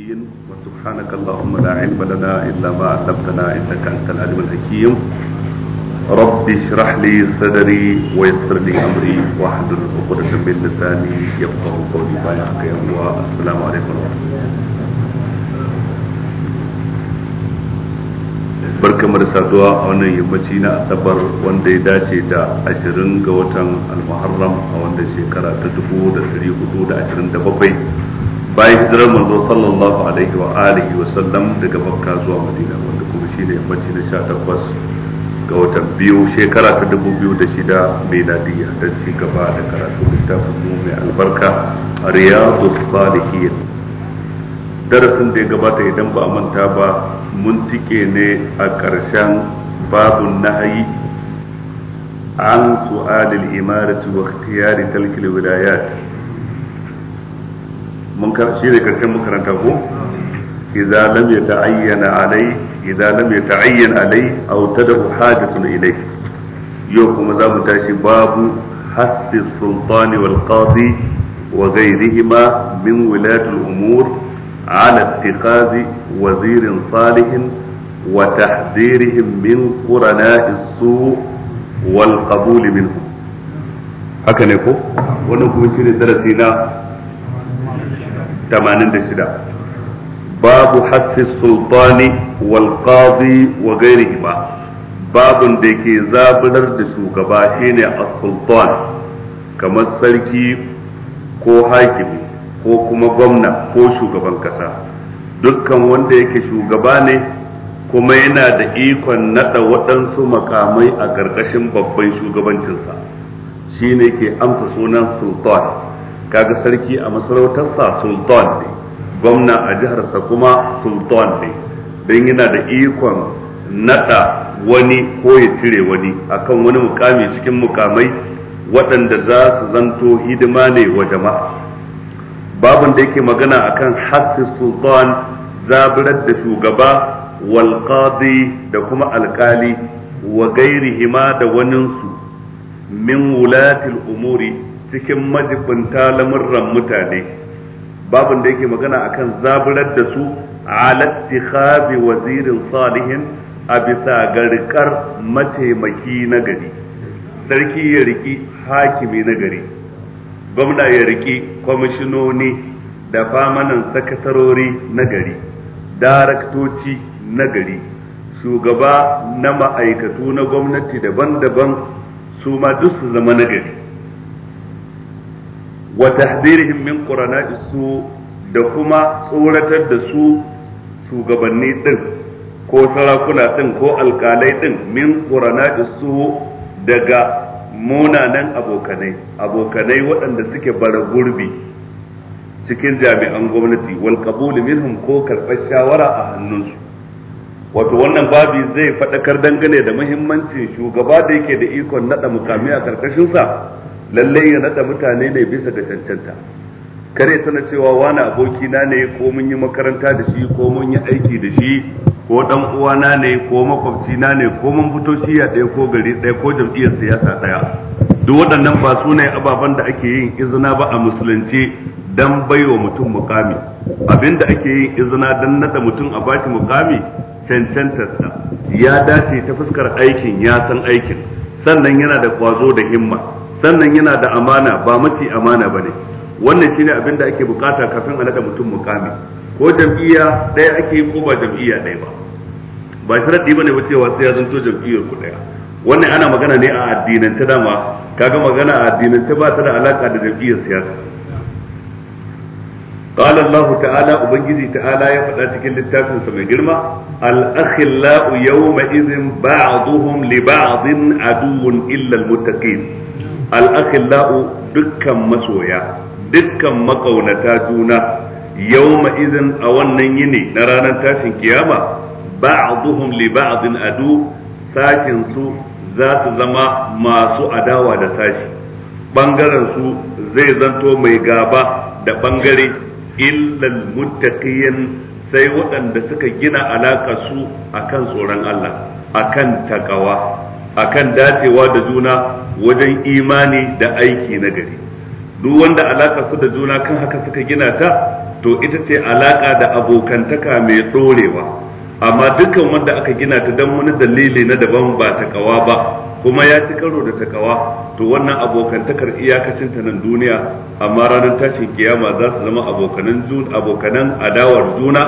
الدين وسبحانك اللهم لا علم لنا إلا ما علمتنا إنك أنت العليم الحكيم رب اشرح لي صدري ويسر لي أمري واحلل عقدة من لساني يفقه قولي بايعك يا السلام عليكم ورحمة barkamu da saduwa a wannan yammaci na asabar wanda ya dace da 20 ga watan almuharram a wannan shekara ta 1427 bayan hijirar manzo sallallahu alaihi wa alihi wa sallam daga makka zuwa madina wanda kuma shi ne yammaci na 18 ga watan biyu shekara ta 2006 miladiya don ci gaba da karatu littafin mu mai albarka riyadu salihin darasin da ya gabata idan ba a manta ba mun tike ne a ƙarshen babun nahayi an su'alil imaratu wa ikhtiyari talkil wilayat shi da karshe makaranta ko إذا لم يتعين عليه إذا لم يتعين عليه أو تدعو حاجة إليه يوكم زام تاشي حث السلطان والقاضي وغيرهما من ولاة الأمور على اتخاذ وزير صالح وتحذيرهم من قرناء السوء والقبول منهم هكذا نقول ونقول شيء درسيناه 86 babu hassi sultani wal qadi wa ba babun da ke zaburar da shugaba shine as-sultan kamar sarki ko hakimi ko kuma gwamna ko shugaban kasa dukkan wanda yake shugaba ne kuma yana da ikon nada waɗansu makamai a ƙarƙashin babban shugabancinsa shine ke amsa sunan sultan kaga sarki a masarautarsa sultan ne gwamna a jiharsa kuma sultan ne don yana da ikon nada wani ko ya cire wani akan wani mukami cikin mukamai waɗanda za su zanto hidima ne wa jama'a babin da yake magana akan haƙƙi sultan zabirar da shugaba wal da kuma alkali wa gairihima da waninsu min wulatil umuri cikin majibinta lamurran mutane babin da yake magana akan zaburar da su ala ittikhazi wazirin salihin a bisa garkar mataimaki na gari sarki ya riki hakimi na gari gwamna ya riki kwamishinoni da famanan sakatarori na gari daraktoci na gari shugaba na ma'aikatu na gwamnati daban-daban su ma duk su zama na gari wa tahdirihim min qurana'i su da kuma tsoratar da su shugabanni din ko sarakuna din ko alkalai din min qurana'i su daga munanan abokanai abokanai waɗanda suke bara gurbi cikin jami'an gwamnati wal qabul minhum ko karɓar shawara a hannunsu wato wannan babu zai faɗakar dangane da muhimmancin shugaba da yake da ikon naɗa mukami a karkashinsa lallai ya nada mutane ne bisa ga cancanta kare sana cewa wani aboki na ne ko mun yi makaranta da shi ko mun yi aiki da shi ko dan uwa na ne ko makwabci na ne ko mun fito ya ɗaya ko gari ɗaya ko jam'iyyar siyasa ɗaya duk waɗannan ba su ne ababen da ake yin izina ba a musulunci dan baiwa mutum mukami abinda ake yin izina dan nada mutum a bashi mukami cancantarsa ya dace ta fuskar aikin ya san aikin sannan yana da kwazo da himma sannan yana da amana ba mace amana ba ne wannan shine abin da ake bukata kafin a nada mutum mukami ko jam'iyya ɗaya ake yi ko ba jam'iyya ɗaya ba ba sharaɗi ba ne ba cewa sai ya zanto jam'iyyar ku ɗaya wannan ana magana ne a addinance dama kaga magana a addinance ba ta da alaka da jam'iyyar siyasa قال الله تعالى أبنجي تعالى يفتاتك للتاكم سمي جرمة الأخلاء يومئذ بعضهم لبعض عدو إلا المتقين al dukkan masoya dukkan makaunata juna yau ma'izin a wannan yini na ranar tashin kiyama ba'a li ba'din adu sashin za su zama masu adawa da sashi bangaren su zai zanto mai gaba da ɓangare illal muttaqiyin sai waɗanda suka gina alaƙa su akan tsoron Allah akan takawa akan dacewa da juna wajen imani da aiki na gari duk wanda alaka su da juna kan haka suka gina ta to ita ce alaka da abokantaka mai ɗorewa amma dukkan wanda aka gina ta don wani dalili na daban ba kawa ba kuma ya ci karo da ta kawa to wannan abokantakar iyakacin ta nan duniya amma ranar tashin kiyama za su zama abokanan juna abokanan adawar juna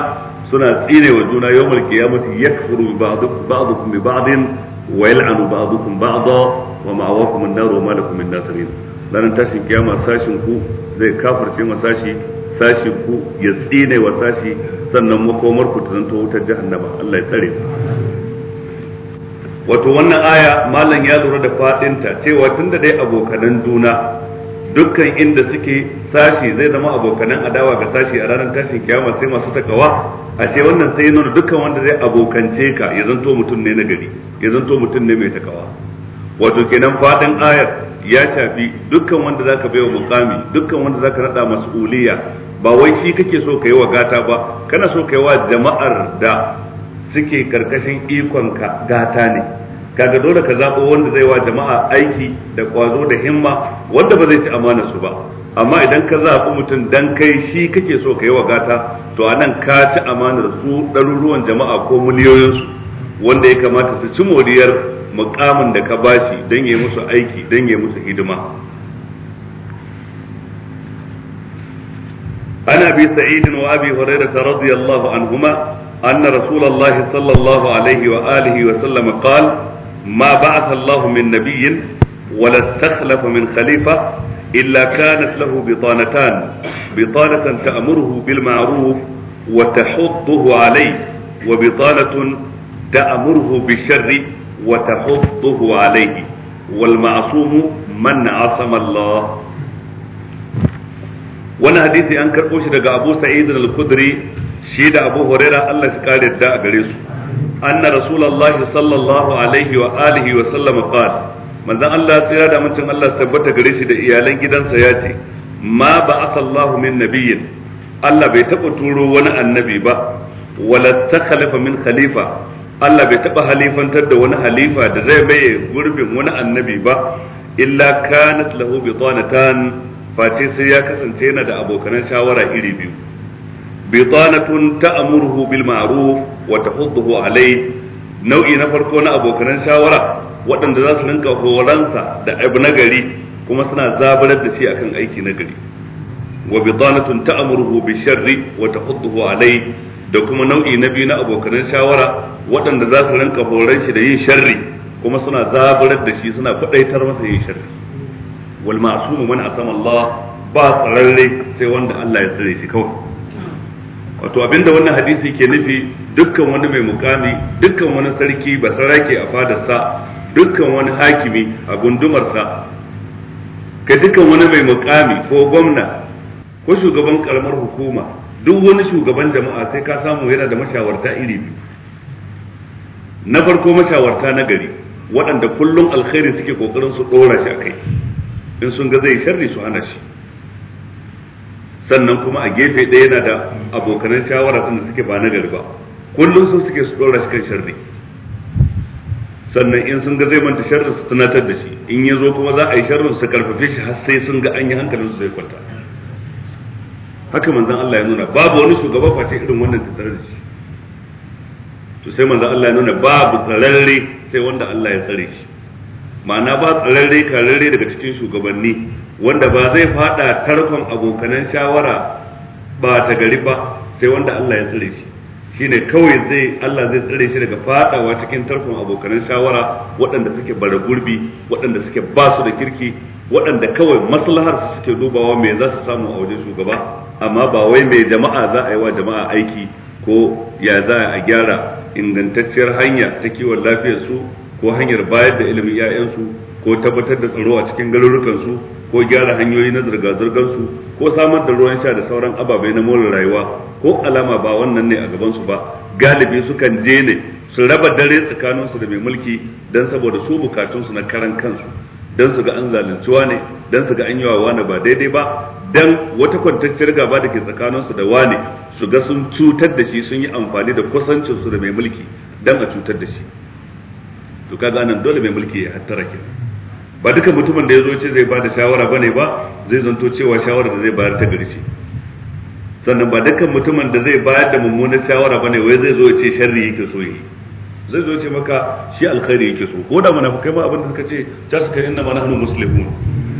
suna tsinewa juna yawmal qiyamati yakfuru ba'dukum bi ba'din Wai yal'anu ba'dukum ba'dha ba'a ma'awakum an-nar wa ma lakum min nasirin ranar tashin kiyama sashin ku zai kafirce ma sashi sashin ku ya tsine sashi sannan makomar ku ta wutar jahannama wato wannan aya malam ya lura da faɗinta cewa tunda dai abokanan juna dukkan inda suke sashi zai zama abokanan adawa ga sashi a ranar tashin kiyama sai masu takawa a ce wannan sai nuna dukkan wanda zai abokance ka ya zanto mutum ne na gari ya zanto mutum ne mai takawa wato kenan fadin ayar ya shafi dukkan wanda zaka baiwa mukami dukkan wanda zaka nada mas'uliya ba wai shi kake so kai wa gata ba kana so kai wa jama'ar da suke karkashin ikon ka gata ne kaga dole ka zabo wanda zai wa jama'a aiki da ƙwazo da himma wanda ba zai ci amana su ba amma idan ka zaɓi mutum dan kai shi kake so ka yi wa gata to anan ka ci amanar su ɗaruruwan jama'a ko miliyoyinsu wanda ya kamata su ci moriyar mukamin da ka bashi dan ya musu aiki dan ya musu hidima عن ابي سعيد وابي هريره رضي الله عنهما ان رسول الله صلى الله عليه واله وسلم قال ما بعث الله من نبي ولا استخلف من خليفة إلا كانت له بطانتان بطانة تأمره بالمعروف وتحضه عليه وبطانة تأمره بالشر وتحضه عليه والمعصوم من عصم الله وانا حديثي أنكر karɓo shi daga الخدري شيد ابو هريرة shi da abu huraira anna rasulullahi sallallahu alaihi wa alihi wa sallam qala manzon Allah tsira da mutun Allah tabbata gare shi da iyalan gidansa ya ce ma ba'atha Allahu min nabiyyin Allah bai taba turo wani annabi ba wala takhalafa min khalifa Allah bai taɓa halifantar da wani halifa da zai maye gurbin wani annabi ba illa kanat lahu bitanatan fati sai ya kasance yana da abokan shawara iri biyu bitanatun ta'muruhu bil ma'ruf wa tahudduhu alayhi nau'i na farko na abokan shawara waɗanda za su rinka horansa da abu nagari kuma suna zabarar da shi akan aiki nagari wa bitanatun ta'muruhu bi sharri wa tahudduhu alayhi da kuma nau'i na biyu na abokan shawara waɗanda za su rinka horon shi da yin sharri kuma suna zabarar da shi suna faɗaitar masa yin sharri wal ma'sumu man asama Allah ba tsararre sai wanda Allah ya tsare shi kawai wato abinda wannan hadisi ke nufi dukkan wani mai mukami dukkan wani sarki ba sarake a fadarsa dukkan wani hakimi a gundumarsa ga dukkan wani mai mukami ko gwamna ko shugaban karamar hukuma duk wani shugaban jama'a sai ka samu yana da mashawarta iri biyu na farko mashawarta na gari waɗanda kullum alkhairi suke kokarin su ɗora shi a kai in sun ga zai sharri su hana shi sannan kuma a gefe ɗaya yana da abokanan shawara sun suke ba nagari ba kullum su suke su ɗora shi kan sharri sannan in sun ga zai manta sharri su tunatar da shi in ya zo kuma za a yi sharri su karfafe shi har sai sun ga an yi hankalin su zai kwanta haka manzon Allah ya nuna babu wani shugaba face irin wannan tattare da shi to sai manzon Allah ya nuna babu tsararre sai wanda Allah ya tsare shi ma'ana ba tsararre kararre daga cikin shugabanni wanda ba zai fada tarkon abokanan shawara ba ta gari ba sai wanda Allah ya tsire shi shine kawai zai Allah zai tsare shi daga fadawa cikin tarkon abokanan shawara waɗanda suke bara gurbi waɗanda suke ba su da kirki waɗanda kawai maslahar su suke dubawa me za su samu a wajen shugaba amma ba wai mai jama'a za a yi wa jama'a aiki ko ya za a gyara ingantacciyar hanya ta kiwon lafiyar su ko hanyar bayar da ilimin 'ya'yansu ko tabbatar da tsaro a cikin garurukansu ko gyara hanyoyi na zirga-zirgar su ko samar da ruwan sha da sauran ababai na more rayuwa ko alama ba wannan ne a gabansu ba galibi sukan je ne su raba dare tsakanin su da mai mulki dan saboda su bukatunsu na karan kansu dan su ga an zalunciwa ne dan su ga an yi wa wani ba daidai ba dan wata kwantacciyar gaba da ke tsakaninsu su da wani su ga sun cutar da shi sun yi amfani da kusancin su da mai mulki dan a cutar da shi to kaga nan dole mai mulki ya hattara kenan ba duka mutumin da ya zo ce zai ba da shawara bane ba zai zanto cewa shawara da zai bayar ta gari sannan ba dukkan mutumin da zai bayar da mummunan shawara bane wai zai zo ce sharri yake so yi zai zo ce maka shi alkhairi yake so ko da munafikai ba abin da suka ce ta suka inna ma nahnu muslimun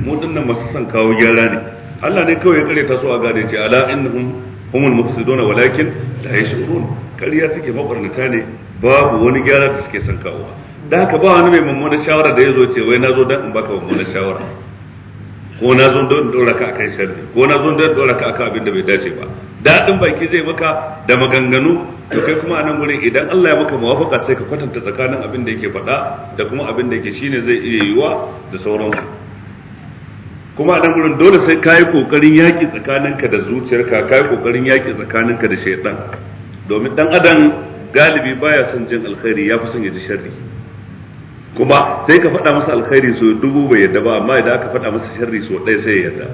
mu dinnan masu son kawo gyara ne Allah ne kawai ya kare ta so a gare ce ala innahum humul mufsidun walakin la yashurun kariya take mabarnata ne babu wani gyara da suke son kawo da haka ba wani mai mummunar shawara da ya zo ce wai na zo don in baka mummunar shawara ko na zo don dora ka akan sharri ko na zo don dora ka akan abin da bai dace ba dadin baki zai maka da maganganu to kai kuma a gurin idan Allah ya maka muwafaka sai ka kwatanta tsakanin abin da yake faɗa da kuma abin da yake shine zai iya yiwa da sauransu kuma a gurin dole sai ka yi kokarin yaƙi tsakaninka da zuciyarka ka yi kokarin yaƙi tsakaninka da shaitan domin dan adam galibi baya son jin alkhairi ya fi son ya ji sharri kuma sai ka faɗa masa alkhairi so dubu bai yadda ba amma idan aka faɗa masa sharri so ɗaya sai ya yadda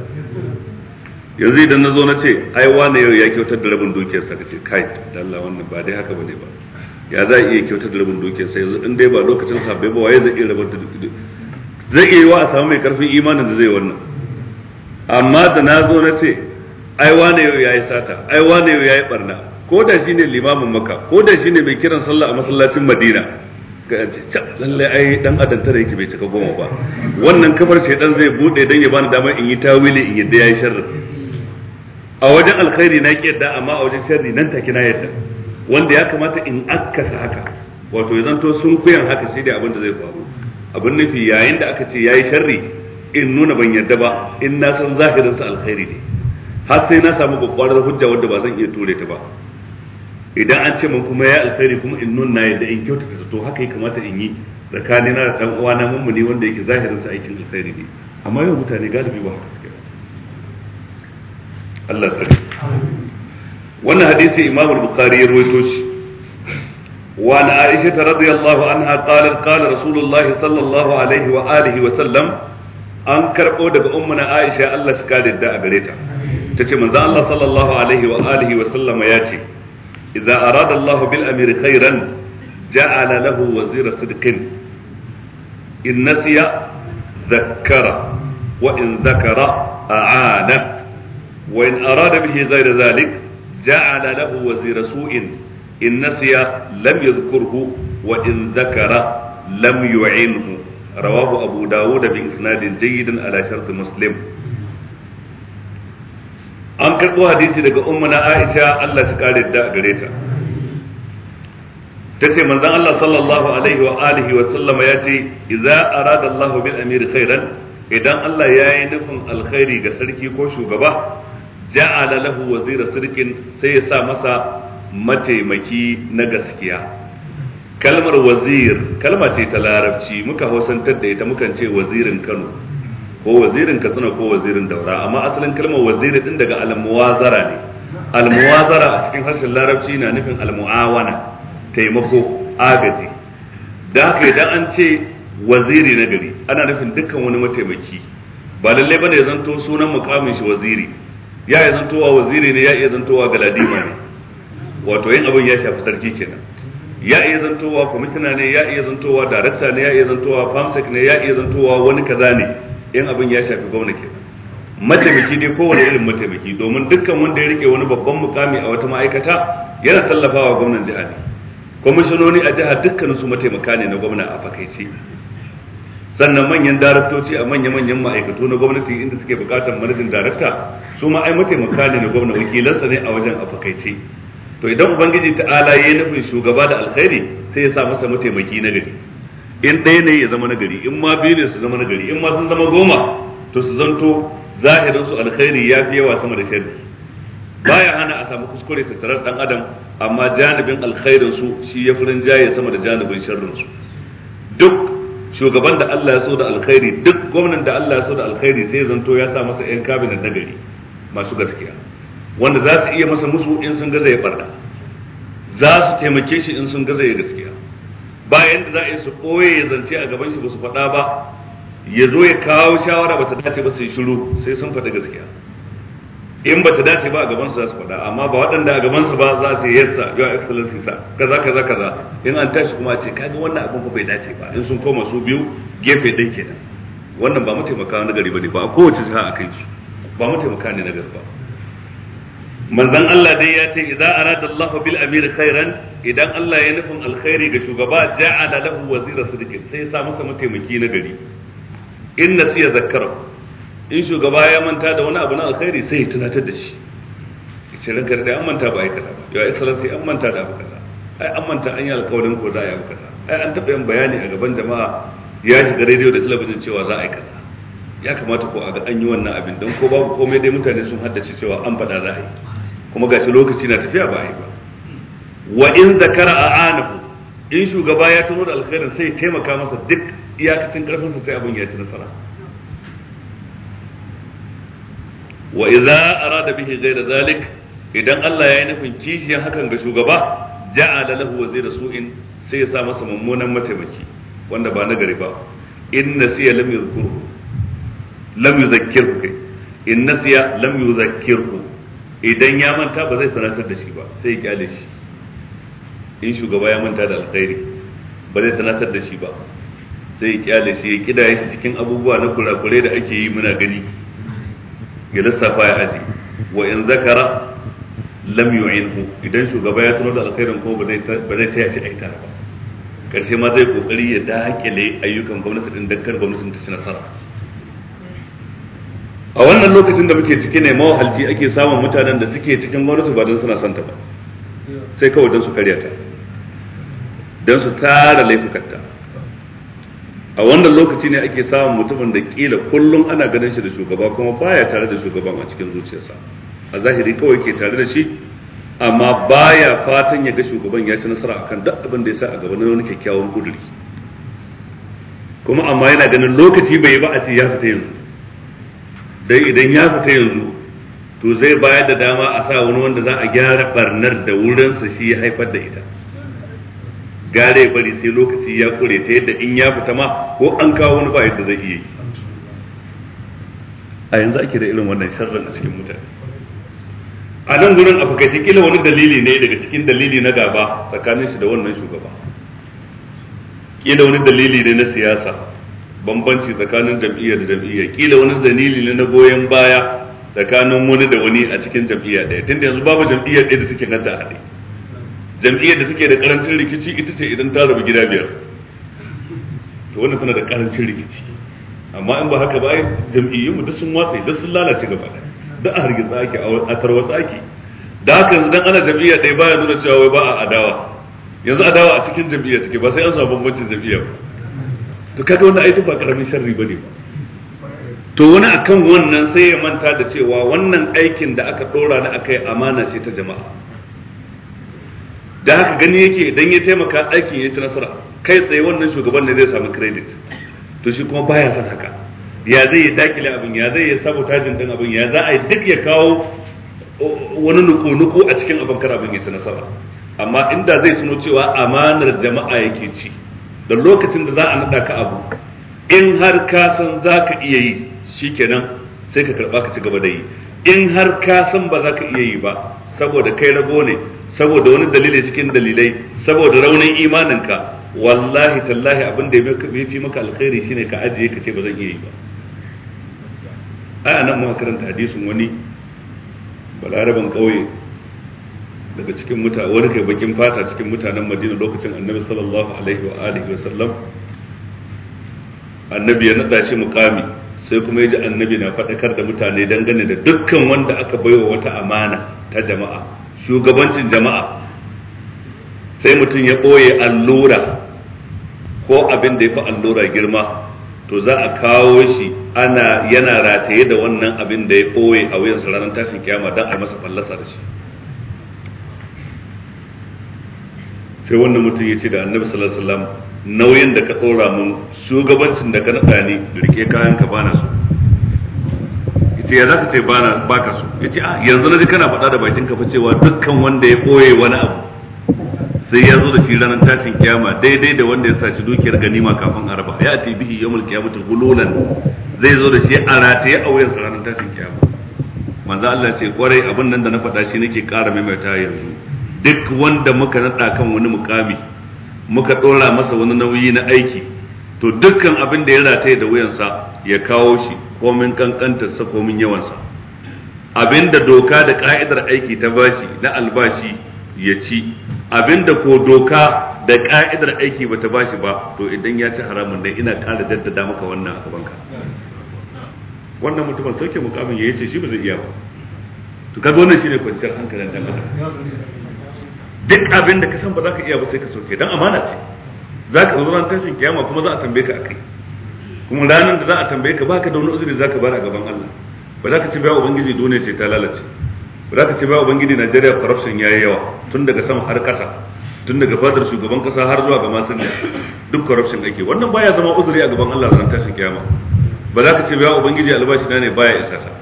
yanzu idan na zo na ce ai wane yau ya kyautar da rabin dukiyarsa ka ce kai da Allah wannan ba dai haka bane ba ya za iya kyautar da rabin dukiyarsa yanzu in dai ba lokacin sa bai ba waye zai iya rabar da zai iya yiwa a samu mai karfin imanin da zai wannan amma da na zo na ce ai wane yau yayi sata ai wane yau yayi barna ko da shine limamin maka ko da shine mai kiran sallah a masallacin madina lallai ai dan adam yake bai cika goma ba wannan kafar shaidan zai bude dan ya bani damar in yi tawili in yadda yayi sharri a wajen alkhairi na ki yadda amma a wajen sharri nan take na yadda wanda ya kamata in akkasa haka wato ya zanto sun kuyan haka sai dai abin da zai faru abin nufi yayin da aka ce yayi sharri in nuna ban yadda ba in na san zahirin sa alkhairi ne har sai na samu babbar hujja wanda ba zan iya ture ta ba idan an ce mun kuma ya alkhairi kuma in nuna yadda in kyautata to haka ya kamata in yi tsakanin na da dan uwa na mun ne wanda yake zahirin sa aikin alkhairi ne amma yau mutane galibi ba haka suke Allah tsare wannan hadisi Imam al-Bukhari ya rawaito shi wa an Aisha radiyallahu anha qala qala Rasulullah sallallahu alaihi wa alihi wa sallam an karbo daga ummuna Aisha Allah shi kare da a gare ta tace manzo Allah sallallahu alaihi wa alihi wa sallama ya ce idza arada Allahu bil amiri khairan ja'ala lahu wazira sidqin in nasiya dhakkara wa in dhakara a'ana wa in arada bihi ghayra dhalik ja'ala lahu wazira su'in in nasiya lam yadhkurhu wa in dhakara lam yu'inhu rawahu abu dawuda bi isnadin jayyidin ala muslim an karɓo hadisi daga ummuna aisha Allah shi kare da gare ta tace manzon Allah sallallahu alaihi wa alihi wa sallama ce, idza arada Allah bil amir khairan idan Allah ya yi nufin alkhairi ga sarki ko shugaba ja'ala lahu wazira Sarkin sai ya sa masa mataimaki na gaskiya kalmar wazir kalma ce ta larabci muka hausantar da ita mukan ce wazirin Kano ko wazirin katsina ko wazirin daura amma asalin kalmar waziri din daga almuwazara ne almuwazara a cikin harshen larabci na nufin almuawana taimako agaji da haka idan an ce waziri na gari ana nufin dukkan wani mataimaki ba lalle bane ya zanto sunan mukamin shi waziri ya ya zantowa waziri ne ya iya zantowa galadima ne wato yin abin ya shafi sarki kenan ya iya zantowa kwamishina ne ya iya zantowa darakta ne ya iya zantowa famsek ne ya iya zantowa wani kaza ne in abin ya shafi gwamna ke mataimaki dai kowane irin mataimaki domin dukkan wanda ya rike wani babban mukami a wata ma'aikata yana tallafawa gwamnan jiha ne kwamishinoni a jiha dukkan su mataimaka ne na gwamna a fakaice sannan manyan daraktoci a manya-manyan ma'aikatu na gwamnati inda suke bukatar manajin darakta su ma ai mataimaka ne na gwamna wakilansa ne a wajen a fakaice to idan ubangiji ta'ala ya yi nufin shugaba da alkhairi sai ya sa masa mataimaki na gari in ɗaya ne ya zama nagari in ma biyu ne su zama nagari in ma sun zama goma to su zanto zahirin su alkhairi ya fi yawa sama da Ba baya hana a samu kuskure tattarar dan adam amma janibin alkhairin su shi ya furin jaye sama da janibin sharrin su duk shugaban da Allah ya so da alkhairi duk gwamnan da Allah ya so da alkhairi sai zanto ya sa masa yan kabinet nagari masu gaskiya wanda za su iya masa musu in sun gaza ya barna za su taimake shi in sun gaza ya gaskiya bayan da za a yi su ɓoye ya zance a gaban shi ba su faɗa ba ya zo ya kawo shawara ba ta dace ba su yi shiru sai sun faɗi gaskiya in ba ta dace ba a gaban su za su faɗa amma ba waɗanda a gaban su ba za su yi sa your excellency sa kaza kaza kaza in an tashi kuma ce kaga wannan abin ba bai dace ba in sun koma su biyu gefe dai kenan wannan ba mataimaka na gari ba ne ba a kowace jiha a kai ba mataimaka ne na gari ba manzan Allah dai ya ce idan arada Allah bil amir khairan idan Allah ya nufin alkhairi ga shugaba ja'ala lahu wazira sidqin sai ya sa masa mataimaki na gari in siya zakkara in shugaba ya manta da wani abu na alkhairi sai ya tunatar da shi ce ranka da an manta ba ai kaza ba ai salati an manta da abu kaza ai an manta an yi alkawarin ko za a yi abu kaza ai an taɓa yin bayani a gaban jama'a ya shiga rediyo da talabijin cewa za a yi kaza ya kamata ko a ga an yi wannan abin don ko babu komai dai mutane sun haddace cewa an faɗa za a yi kuma ga shi lokaci na tafiya ba yi ba wa in zakara a'anahu in shugaba ya tuno da alkhairin sai taimaka masa duk iyakacin karfinsa sai abin ya ci nasara wa idza arada bihi ghayra zalik idan Allah ya yi nufin kishiyan hakan ga shugaba ja'ala lahu wazira su'in sai ya sa masa mummunan mataimaki wanda ba nagari ba in nasiya lam yuzkurhu lam kai in nasiya lam yuzakkiru idan ya manta ba zai sanatar da shi ba sai ya kyale shi in shugaba ya manta da alkhairi ba zai sanatar da shi ba sai ya kyale shi ya kidaya shi cikin abubuwa na kurakure da ake yi muna gani ya lissafa ya aji wa in zakara lam yu'inhu idan shugaba ya tuno da alkhairin ko ba zai ba zai taya shi aita ba karshe ma zai kokari ya dakile ayyukan gwamnati din dakkar gwamnatin ta ci nasara a wannan lokacin da muke ciki ne mawahalci ake samun mutanen da suke cikin gwamnati ba don suna santa ba sai kawai don su karya ta don su tara laifukanta a wannan lokaci ne ake samun mutumin da kila kullum ana ganin shi da shugaba kuma baya tare da shugaban a cikin zuciyarsa a zahiri kawai ke tare da shi amma baya fatan ya ga shugaban ya ci nasara akan duk abin da ya sa a gaba na wani kyakkyawan kuduri kuma amma yana ganin lokaci bai ba a ce ya fita yanzu dai idan ya fita yanzu to zai bayar da dama a sa wani wanda za a gyara barnar da wurinsa shi ya haifar da ita gare bari sai lokaci ya kure ta yadda in ya fita ma ko an kawo wani ba yadda zai yi a yanzu ake da irin wannan sharrin a cikin mutane a nan gurin a fakaci kila wani dalili ne daga cikin dalili na gaba tsakanin shi da wannan shugaba kila wani dalili ne na siyasa bambanci tsakanin jam'iyya da jam'iyya kila wani dalili ne na goyon baya tsakanin wani da wani a cikin jam'iyya ɗaya tunda yanzu babu jam'iyya ɗaya da suke nan a haɗe jam'iyyar da suke da karancin rikici ita ce idan ta rabu gida biyar to wannan tana da karancin rikici amma in ba haka ba jam'iyyun mu duk sun watsa duk sun lalace gaba da a hargitsa ake a tarwatsa ake da haka idan ana jam'iyya ɗaya baya nuna cewa wai ba a adawa yanzu adawa a cikin jam'iyya take ba sai an samu bambancin jam'iyya ba to kaga wannan aitu ba karamin sharri bane ba to wani akan wannan sai ya manta da cewa wannan aikin da aka dora ni akai amana ce ta jama'a da haka gani yake idan ya taimaka aikin ya ci nasara kai tsaye wannan shugaban ne zai samu credit to shi kuma baya son haka ya zai ya dakile abin ya zai ya sabota jin din abin ya za a yi duk ya kawo wani nuku-nuku a cikin abin kar abin ya ci nasara amma inda zai tuno cewa amanar jama'a yake ci da lokacin da za a nada ka abu in har ka san za ka iya yi shikenan sai ka karba ka ci gaba da yi in har ka san ba za ka iya yi ba saboda kai rago ne saboda wani dalili cikin dalilai saboda raunin imaninka wallahi tallahi abin da ya fi maka alkhairi shine ka ajiye ka ce ba zan iya yi ba a nan muka karanta hadisin wani balaraban kauye daga cikin muta wani kai bakin fata cikin mutanen Madina lokacin Annabi sallallahu alaihi wa alihi wasallam Annabi ya nada shi mukami sai kuma yaji Annabi na fadakar da mutane dangane da dukkan wanda aka baiwa wata amana ta jama'a shugabancin jama'a sai mutum ya boye allura ko abin da ya fi allura girma to za a kawo shi ana yana rataye da wannan abin da ya ɓoye a wuyansa ranar tashin kiyama don a masa fallasa da shi sai wannan mutum ya ce da annabi sallallahu alaihi wasallam nauyin da ka tsora mun shugabancin da ka nada ni rike kayan ka bana su yace ya zaka ce bana ah, baka su yace a yanzu naji kana faɗa da bakin ka fa cewa dukkan wanda ya koye wani abu sai ya zo da shi ranar tashin kiyama daidai da wanda ya saci dukiyar ganima kafin araba ya ati bihi yawmul qiyamati gululan zai zo da shi a rataye a wayar ranar tashin kiyama manzo Allah ce kwarai abin nan da na faɗa shi nake ƙara maimaita yanzu duk wanda muka nada kan wani mukami muka dora masa wani nauyi na aiki to dukkan abin da ya rataye da wuyansa ya kawo shi komin sa komin yawansa abin da doka da ka'idar aiki ta bashi na albashi ya ci abin da ko doka da ka'idar aiki bata bashi ba to idan ya ci haramun dai, ina ƙara jaddada maka wannan a gabanka wannan mutumin sauke mukamin ya ce shi ba zai iya ba to kaga wannan shine kwanciyar hankalin dan adam duk abin da ka san ba za ka iya ba sai ka sauke dan amana ce za ka zo ran tashin kiyama kuma za a tambaye ka akai kuma ranar da za a tambaye ka baka da wani uzuri za ka bar a gaban Allah ba za ka ce ba ubangiji dole sai ta lalace ba za ka ce ba ubangiji Najeriya corruption yayi yawa tun daga sama har kasa tun daga fadar shugaban kasa har zuwa ga masun duk corruption ake wannan baya zama uzuri a gaban Allah ran tashin kiyama ba za ka ce ba ubangiji albashi na ne baya isa ta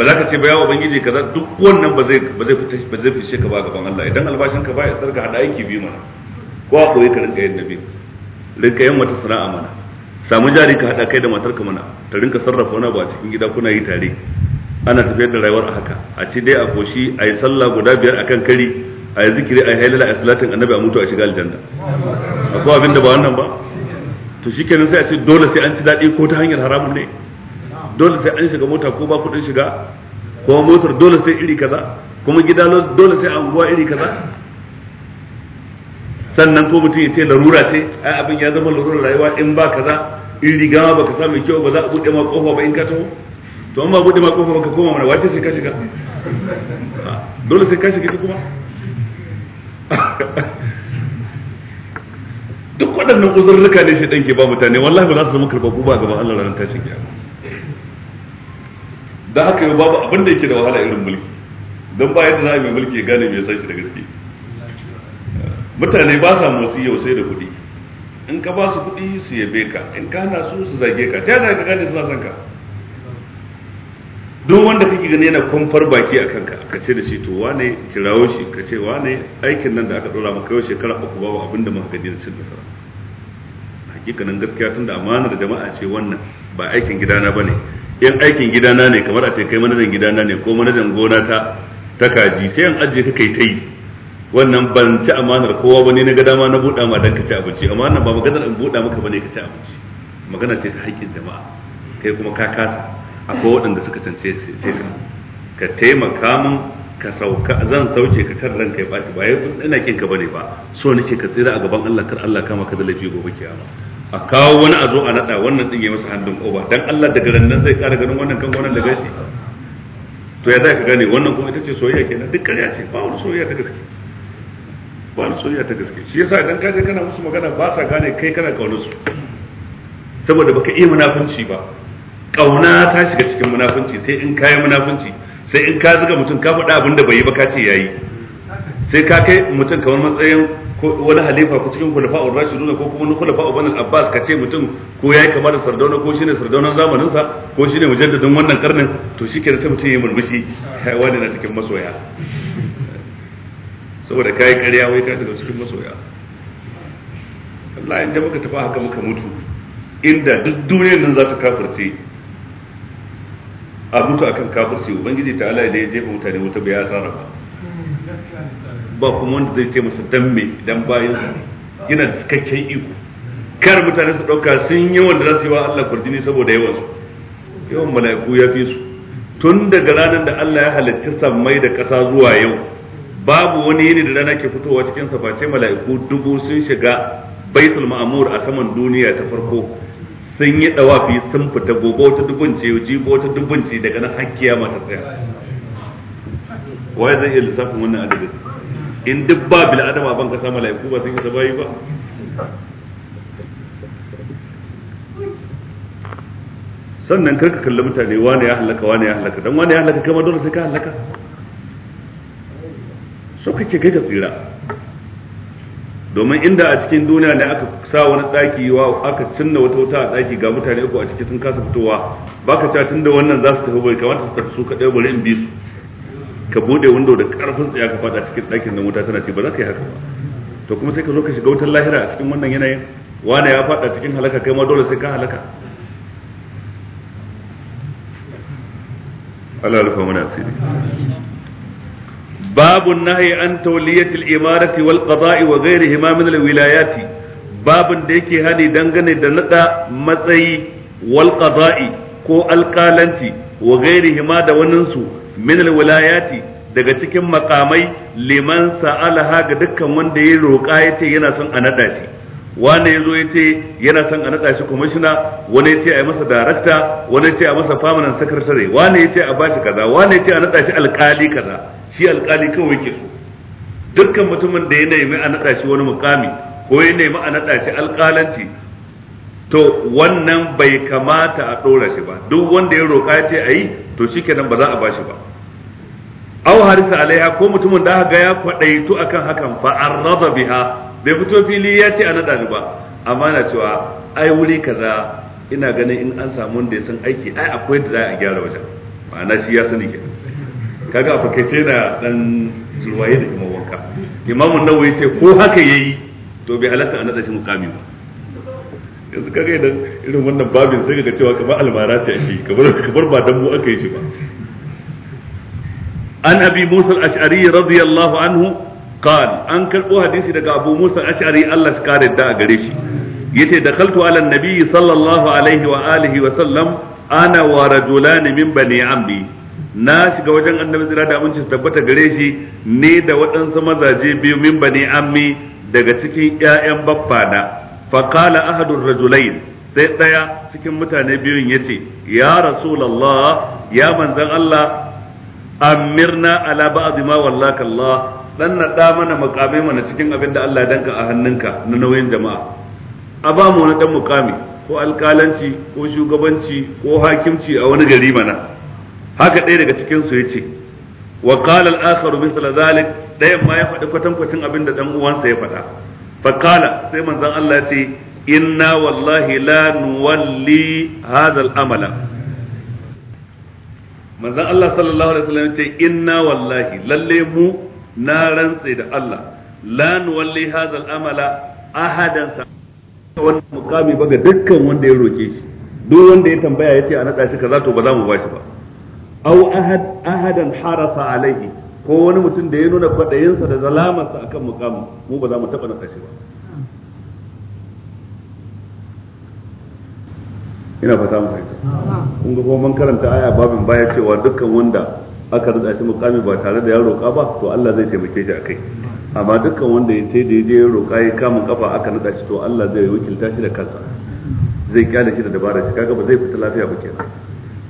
ba za ka ce ba ya ubangiji kaza duk wannan ba zai ba zai fita ba zai fice ka ba gaban Allah idan albashin ka ba ya sarka hada aiki biyu mana ko a koyi ka rinka yin nabi rinka yin wata sana'a mana samu jari ka hada kai da matar ka mana ta rinka sarrafa wani ba cikin gida kuna yi tare ana tafiyar da rayuwar a haka a ce dai a koshi a yi sallah guda biyar a kan kari a yi zikiri a yi halala a salatin annabi a mutu a shiga aljanna akwai abin da ba wannan ba to shikenan sai a ce dole sai an ci daɗi ko ta hanyar haramun ne dole sai an shiga mota ko ba kudin shiga ko motar dole sai iri kaza kuma gida dole sai anguwa iri kaza sannan ko mutum ya ce larura ce ai abin ya zama larura rayuwa in ba kaza in riga ma baka samu kyau ba za a buɗe ma kofa ba in ka taho to an ba buɗe ma kofa baka koma mana wace sai ka shiga ah, dole sai ka shiga kuma duk waɗannan uzurruka ne shi ɗanke ba mutane wallahi ba za su zama karɓar ba gaban Allah ranar tashin kiyama da haka yau babu abin da yake da wahala irin mulki don ba yadda za mai mulki ya gane mai sashi da gaske mutane ba sa motsi yau sai da kuɗi in ka ba su kuɗi su yabe ka in ka hana su su zage ka ta yadda ka gane suna son ka duk wanda kake gani yana kwamfar baki a kanka ka ce da shi to wane kirawo shi ka ce wane aikin nan da aka dora maka yau shekara uku babu abin da muka gani da cin nasara hakikanin gaskiya tun da amanar jama'a ce wannan ba aikin gidana ba ne in aikin gidana ne kamar a ce kai manajan gidana ne ko manajan gona ta ta kaji sai an ajiye ka kai ta yi wannan ban ci amanar kowa ba ne na ga dama na buɗa ma dan ka ci abinci amma wannan ba maganar in buɗa maka bane ka ci abinci magana ce ta haƙƙin jama'a kai kuma ka kasa akwai waɗanda suka cancance ka ka taimaka min ka sauka zan sauke ka kan ranka ya bashi ba yau ina kin ka bane ba so nake ka tsira a gaban Allah kar Allah kama ka da laifi gobe kiyama a kawo wani a zo a nada wannan din ya masa hannun koba dan Allah daga nan zai kara ganin wannan kan wannan daga shi to ya za ka gane wannan kuma ita ce soyayya kenan duk ƙarya ce ba wani soyayya ta gaske ba wani soyayya ta gaske shi yasa idan ka je kana musu magana ba sa gane kai kana kaunar su saboda baka iya munafunci ba kauna ta shiga cikin munafunci sai in kayi munafunci sai in ka zuga mutum ka faɗa abin da bai yi ba ka ce yayi sai ka kai mutum kamar matsayin ko wani halifa ko cikin khulafa'ur rashiduna ko kuma khulafa'u banal abbas ka ce mutum ko yayi da sardauna ko shine sardaunan zamanin sa ko shine mujaddadin wannan karnin to da sai mutum yi murmushi wani na cikin masoya saboda kai ƙarya wai ka daga cikin masoya Allah inda muka tafi haka muka mutu inda duk duniyar nan za ta kafirce a mutu akan kafirce ubangiji ta Allah da ya jefa mutane wuta bai asara ba ba kuma wanda zai ce masa dan me dan bayan yana da cikakken iko kar mutane su dauka sun yi wanda za su yi wa Allah kurjini saboda yawan su yawan mala'iku ya fi su tun daga ranar da Allah ya halarci sammai da ƙasa zuwa yau babu wani yini da rana ke fitowa cikin sa face mala'iku dubu sun shiga baitul ma'amur a saman duniya ta farko sun yi dawafi sun fita gobe wata dubunce jibo wata dubunce daga nan har kiyama ta tsaya wai zai iya lissafin wannan adadin in duk ba bil adama ban kasa mala'iku ba sun isa bayi ba sannan karka kalli mutane wane ya halaka wane ya halaka dan wane ya halaka kama dole sai ka halaka so kake kai ka tsira domin inda a cikin duniya ne aka sa wani daki wa aka cinna wata wuta a daki ga mutane uku a ciki sun kasa fitowa baka cewa tunda wannan za su tafi bai kamata su tafi su kaɗai bari in bi su ka bude window da karfin tsaya ka fada cikin ɗakin nan wuta tana ce ba za ka yi haka ba to kuma sai ka zo ka shiga wutar lahira a cikin wannan yanayin wane ya fada cikin halaka kai ma dole sai ka halaka Allah rufa mana asiri babu nahyi an tawliyati al-imarati wal qada'i wa ma min al-wilayati babun da yake hani dangane da nada matsayi wal qada'i ko alƙalanci wa ma da waninsu min alwilayati daga cikin makamai liman sa'alaha ga dukkan wanda ya roƙa yace yana son a nada shi wanda ya zo ya ce yana son a nada shi commissioner wani ya ce a yi masa darakta wani ya ce a masa famanan sakatare wani ya ce a bashi kaza wani ya ce a nada shi alkali kaza shi alkali kawai yake so dukkan mutumin da ya nemi a nada shi wani mukami ko ya nemi a nada shi alkalanci to wannan bai kamata a ɗora shi ba duk wanda ya roƙa ce a yi to shi kenan ba za a bashi ba aw harisa alaiha ko mutumin da ga ya kwadaitu akan hakan fa arraba biha bai fito fili ya ce a naɗa ni ba amma na cewa ai wuri kaza ina ganin in an samu wanda ya san aiki ai akwai da za a gyara wajen ma'ana shi ya sani kenan kaga a fakaice na dan surwaye da kuma wanka imamu nawawi ce ko haka yayi to bai halatta a shi mukami ba yanzu kaga idan irin wannan babin sai kaga cewa kamar almara ce ake kamar kamar ba dan mu aka yi shi ba an abi musa al-ash'ari radiyallahu anhu qal an karbo hadisi daga abu musa al-ash'ari Allah shi kare da gare shi yace dakhaltu ala an-nabi sallallahu alaihi wa alihi wa sallam ana wa rajulan min bani ammi na shiga wajen annabi zira da aminci tabbata gare shi ne da waɗansu mazaje biyu min bani ammi daga cikin ƴaƴan na. faqala ahadur rajulain sai ɗaya cikin mutane biyun ce, ya rasulullah ya manzon Allah amirna ala ba'd ma wallaka Allah dan na mana mukamai mana cikin abinda da Allah danka a hannunka na nauyin jama'a a ba mu na dan mukami ko alkalanci ko shugabanci ko hakimci a wani gari mana haka ɗaya daga cikin su yace Wakalar qala al-akharu mithla ɗayan ma ya faɗi kwatankwacin abin da ɗan uwansa ya faɗa fakala sai manzon Allah ce inna wallahi la nuwalli hadha amala manzon Allah sallallahu alaihi wasallam ce inna wallahi lalle mu na rantse da Allah la nuwalli hadha al-amala ahadan sa wannan mukami ba ga dukkan wanda ya roke shi duk wanda ya tambaya yace a nada shi kaza to ba za mu bashi ba aw ahad ahadan harasa alaihi ko wani mutum da ya nuna kwaɗayinsa da a kan mukamin mu ba za mu taɓa na shi ba ina fata mu fahimta kun ga kuma karanta aya babin baya cewa dukkan wanda aka rada shi mukami ba tare da ya roƙa ba to Allah zai taimake shi akai amma dukkan wanda ya sai da ya je ya roƙa ya kama kafa aka nada shi to Allah zai wakilta shi da kansa zai kyale shi da dabara shi kaga ba zai fita lafiya ba kenan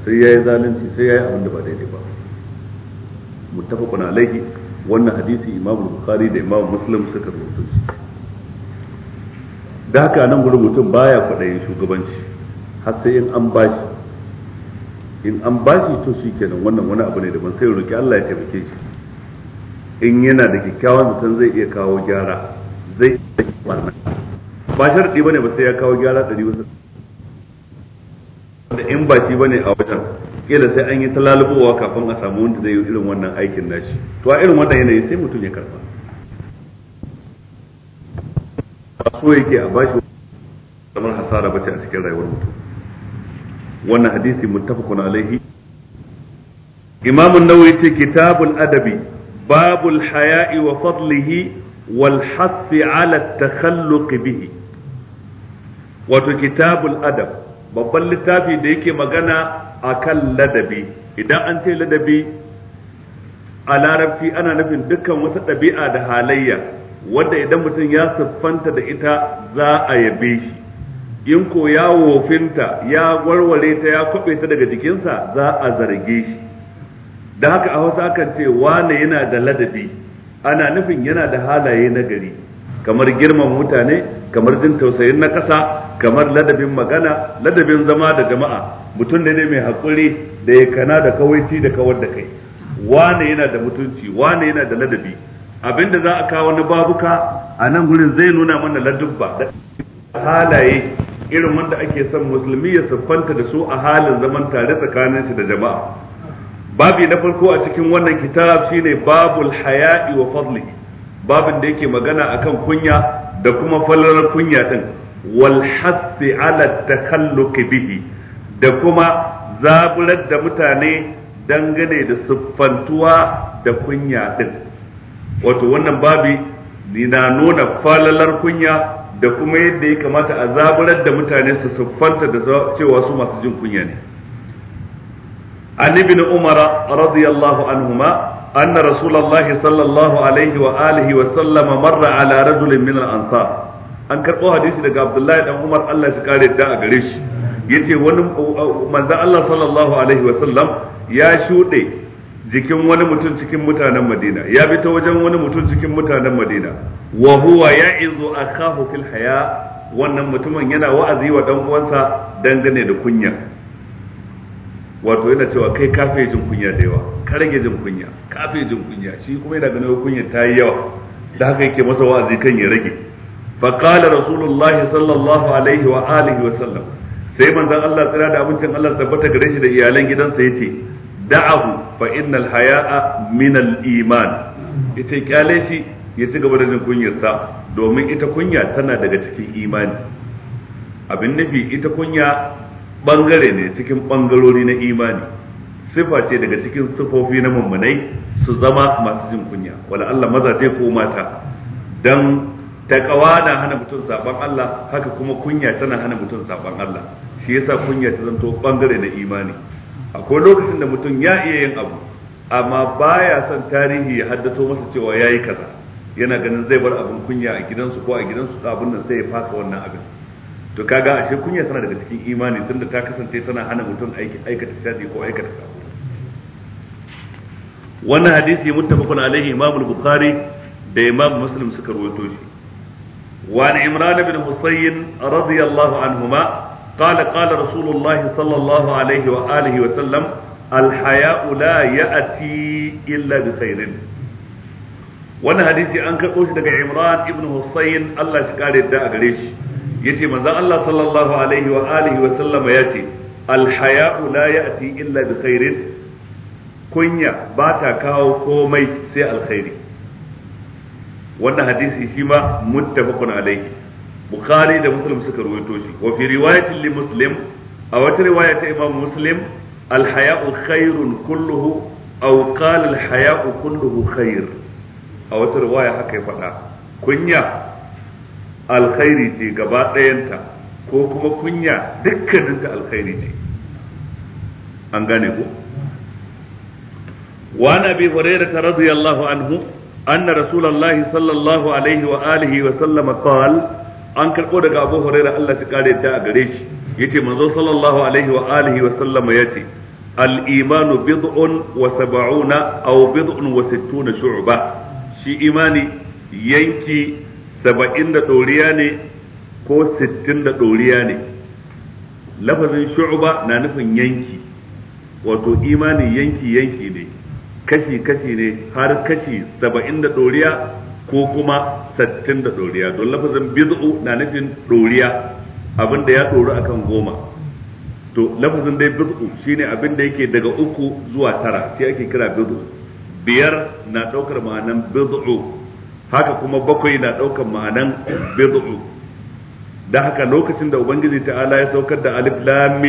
sai yayi zalunci sai yayi abin da ba daidai ba muttafaqun alayhi wannan hadisi Imam Bukhari da Imam Muslim suka rubuta shi da haka nan gurin mutum baya kwaɗayin shugabanci har sai in an bashi in an bashi to shi kenan wannan wani abu ne daban sai roki Allah ya taimake shi in yana da kyakkyawan zaton zai iya kawo gyara zai iya barna ba sharadi bane ba sai ya kawo gyara ɗari wasu da in ba shi bane a wajen kila sai an yi ta lalubowa kafin a samu wanda zai yi irin wannan aikin nashi to a irin wannan yanayi sai mutum ya karba ba so yake a bashi kamar hasara ba bace a cikin rayuwar mutum wannan hadisi muttafaqun alaihi imam an-nawawi ce kitabul adabi babul haya'i wa fadlihi wal hassi ala at-takhalluq bihi wato kitabul adab babban littafi da yake magana a kan ladabi idan an ce ladabi a larabci ana nufin dukkan wata ɗabi'a da halayya wadda idan mutum ya siffanta da ita za a yabe shi in ko ya wofinta ya warware ta ya kwabe ta daga jikinsa za a zarge shi da haka a hausa akan ce wane yana da ladabi ana nufin yana da halaye na gari kamar girman mutane kamar jin tausayin na ƙasa kamar ladabin magana ladabin zama da jama'a mutum ne mai hakuri da ya kana da kawaici da kawar da kai wane yana da mutunci wane yana da ladabi abinda za a kawo na babuka a nan gurin zai nuna mana ladubba da halaye irin wanda ake son musulmi ya siffanta da su a halin zaman tare tsakanin shi da jama'a babi na farko a cikin wannan kitab shine babul haya'i wa fadli babin da yake magana akan kunya da kuma falalar kunya din wal hasi ala takalluki bihi da kuma zaburar da mutane dangane da siffantuwa da kunya din wato wannan babi ni na nuna falalar kunya da kuma yadda ya kamata a zaburar da mutane su siffanta da cewa su masu jin kunya ne an ibn umara radiyallahu anhuma anna Rasulallah sallallahu alaihi wa alihi wa sallama marra ala rajulin min al-ansar an karɓo hadisi daga abdullahi dan umar allah ya kare da a gare shi yace wani manzo allah sallallahu alaihi wa sallam ya shuɗe jikin wani mutum cikin mutanen madina ya bi ta wajen wani mutum cikin mutanen madina wa huwa ya'izu akahu fil haya wannan mutumin yana wa'azi wa dan uwansa dangane da kunya wato yana cewa kai kafe jin kunya da yawa ka rage jin kunya kafe jin kunya shi kuma yana ganin kunya ta yi yawa da haka yake masa wa'azi kan ya rage فقال رسول الله صلى الله عليه وآله وسلم sai manzon Allah tsira da abincin Allah tabbata gare shi da iyalan gidansa ya ce da'abu innal haya'a min al iman ita kyale shi ya ci gaba da jin kunyarsa domin ita kunya tana daga cikin imani abin nufi ita kunya bangare ne cikin bangarori na imani sifa ce daga cikin sifofi na mummunai su zama masu jin kunya wala Allah maza ko mata dan takawa na hana mutum saban Allah haka kuma kunya tana hana mutum saban Allah shi yasa kunya ta zanto bangare na imani akwai lokacin da mutum ya iya yin abu amma baya son tarihi ya haddato masa cewa yayi kaza yana ganin zai bar abin kunya a gidansu ko a gidansu abin nan sai ya fasa wannan abin to kaga ashe kunya tana daga cikin imani tunda ta kasance tana hana mutum aiki aikata shadi ko aikata sabo wannan hadisi muttafaqun alaihi imam al-bukhari da imam muslim suka rawaito shi وعن عمران بن حسين رضي الله عنهما قال قال رسول الله صلى الله عليه وآله وسلم الحياء لا يأتي إلا بخير wannan hadisi an karɓo shi daga Imran ibn Husayn Allah shi kare da a gare shi yace manzon Allah sallallahu alaihi wa alihi wa sallama yace al haya'u illa bi kunya ba ta kawo komai sai alkhairi wannan hadisi shi ma muttafaqun alaihi bukhari da muslim suka ruwaito shi wa fi riwayatin li muslim a wata riwaya ta imam muslim al haya'u khairun kulluhu aw qala al haya'u kulluhu khair a wata riwaya haka ya faɗa kunya alkhairi ce gaba ɗayanta ko kuma kunya dukkaninta alkhairi ce an gane ko وعن ابي هريره رضي الله عنه anna rasulullahi sallallahu alaihi wa alihi wa sallama qala an karbo daga Abu Hurairah Allah ya kare ta a gare shi yace manzo sallallahu alaihi wa alihi wa sallama yace al imanu bid'un wa sab'una aw bid'un wa sittuna shu'ba shi imani yanki 70 da doriya ko 60 da doriya ne lafazin na nufin yanki wato imani yanki yanki ne kashi kashi ne har kashi saba'in da ɗoriya ko kuma sattin da ɗoriya don lafazin bizu na nufin ɗoriya abin da ya ɗoru akan goma to lafazin dai bid'u shine abin da yake daga uku zuwa tara sai ake kira bizu biyar na ɗaukar ma'anan bizu haka kuma bakwai na ɗaukar ma'anan bizu da haka lokacin da ubangiji ta'ala ya saukar da alif lam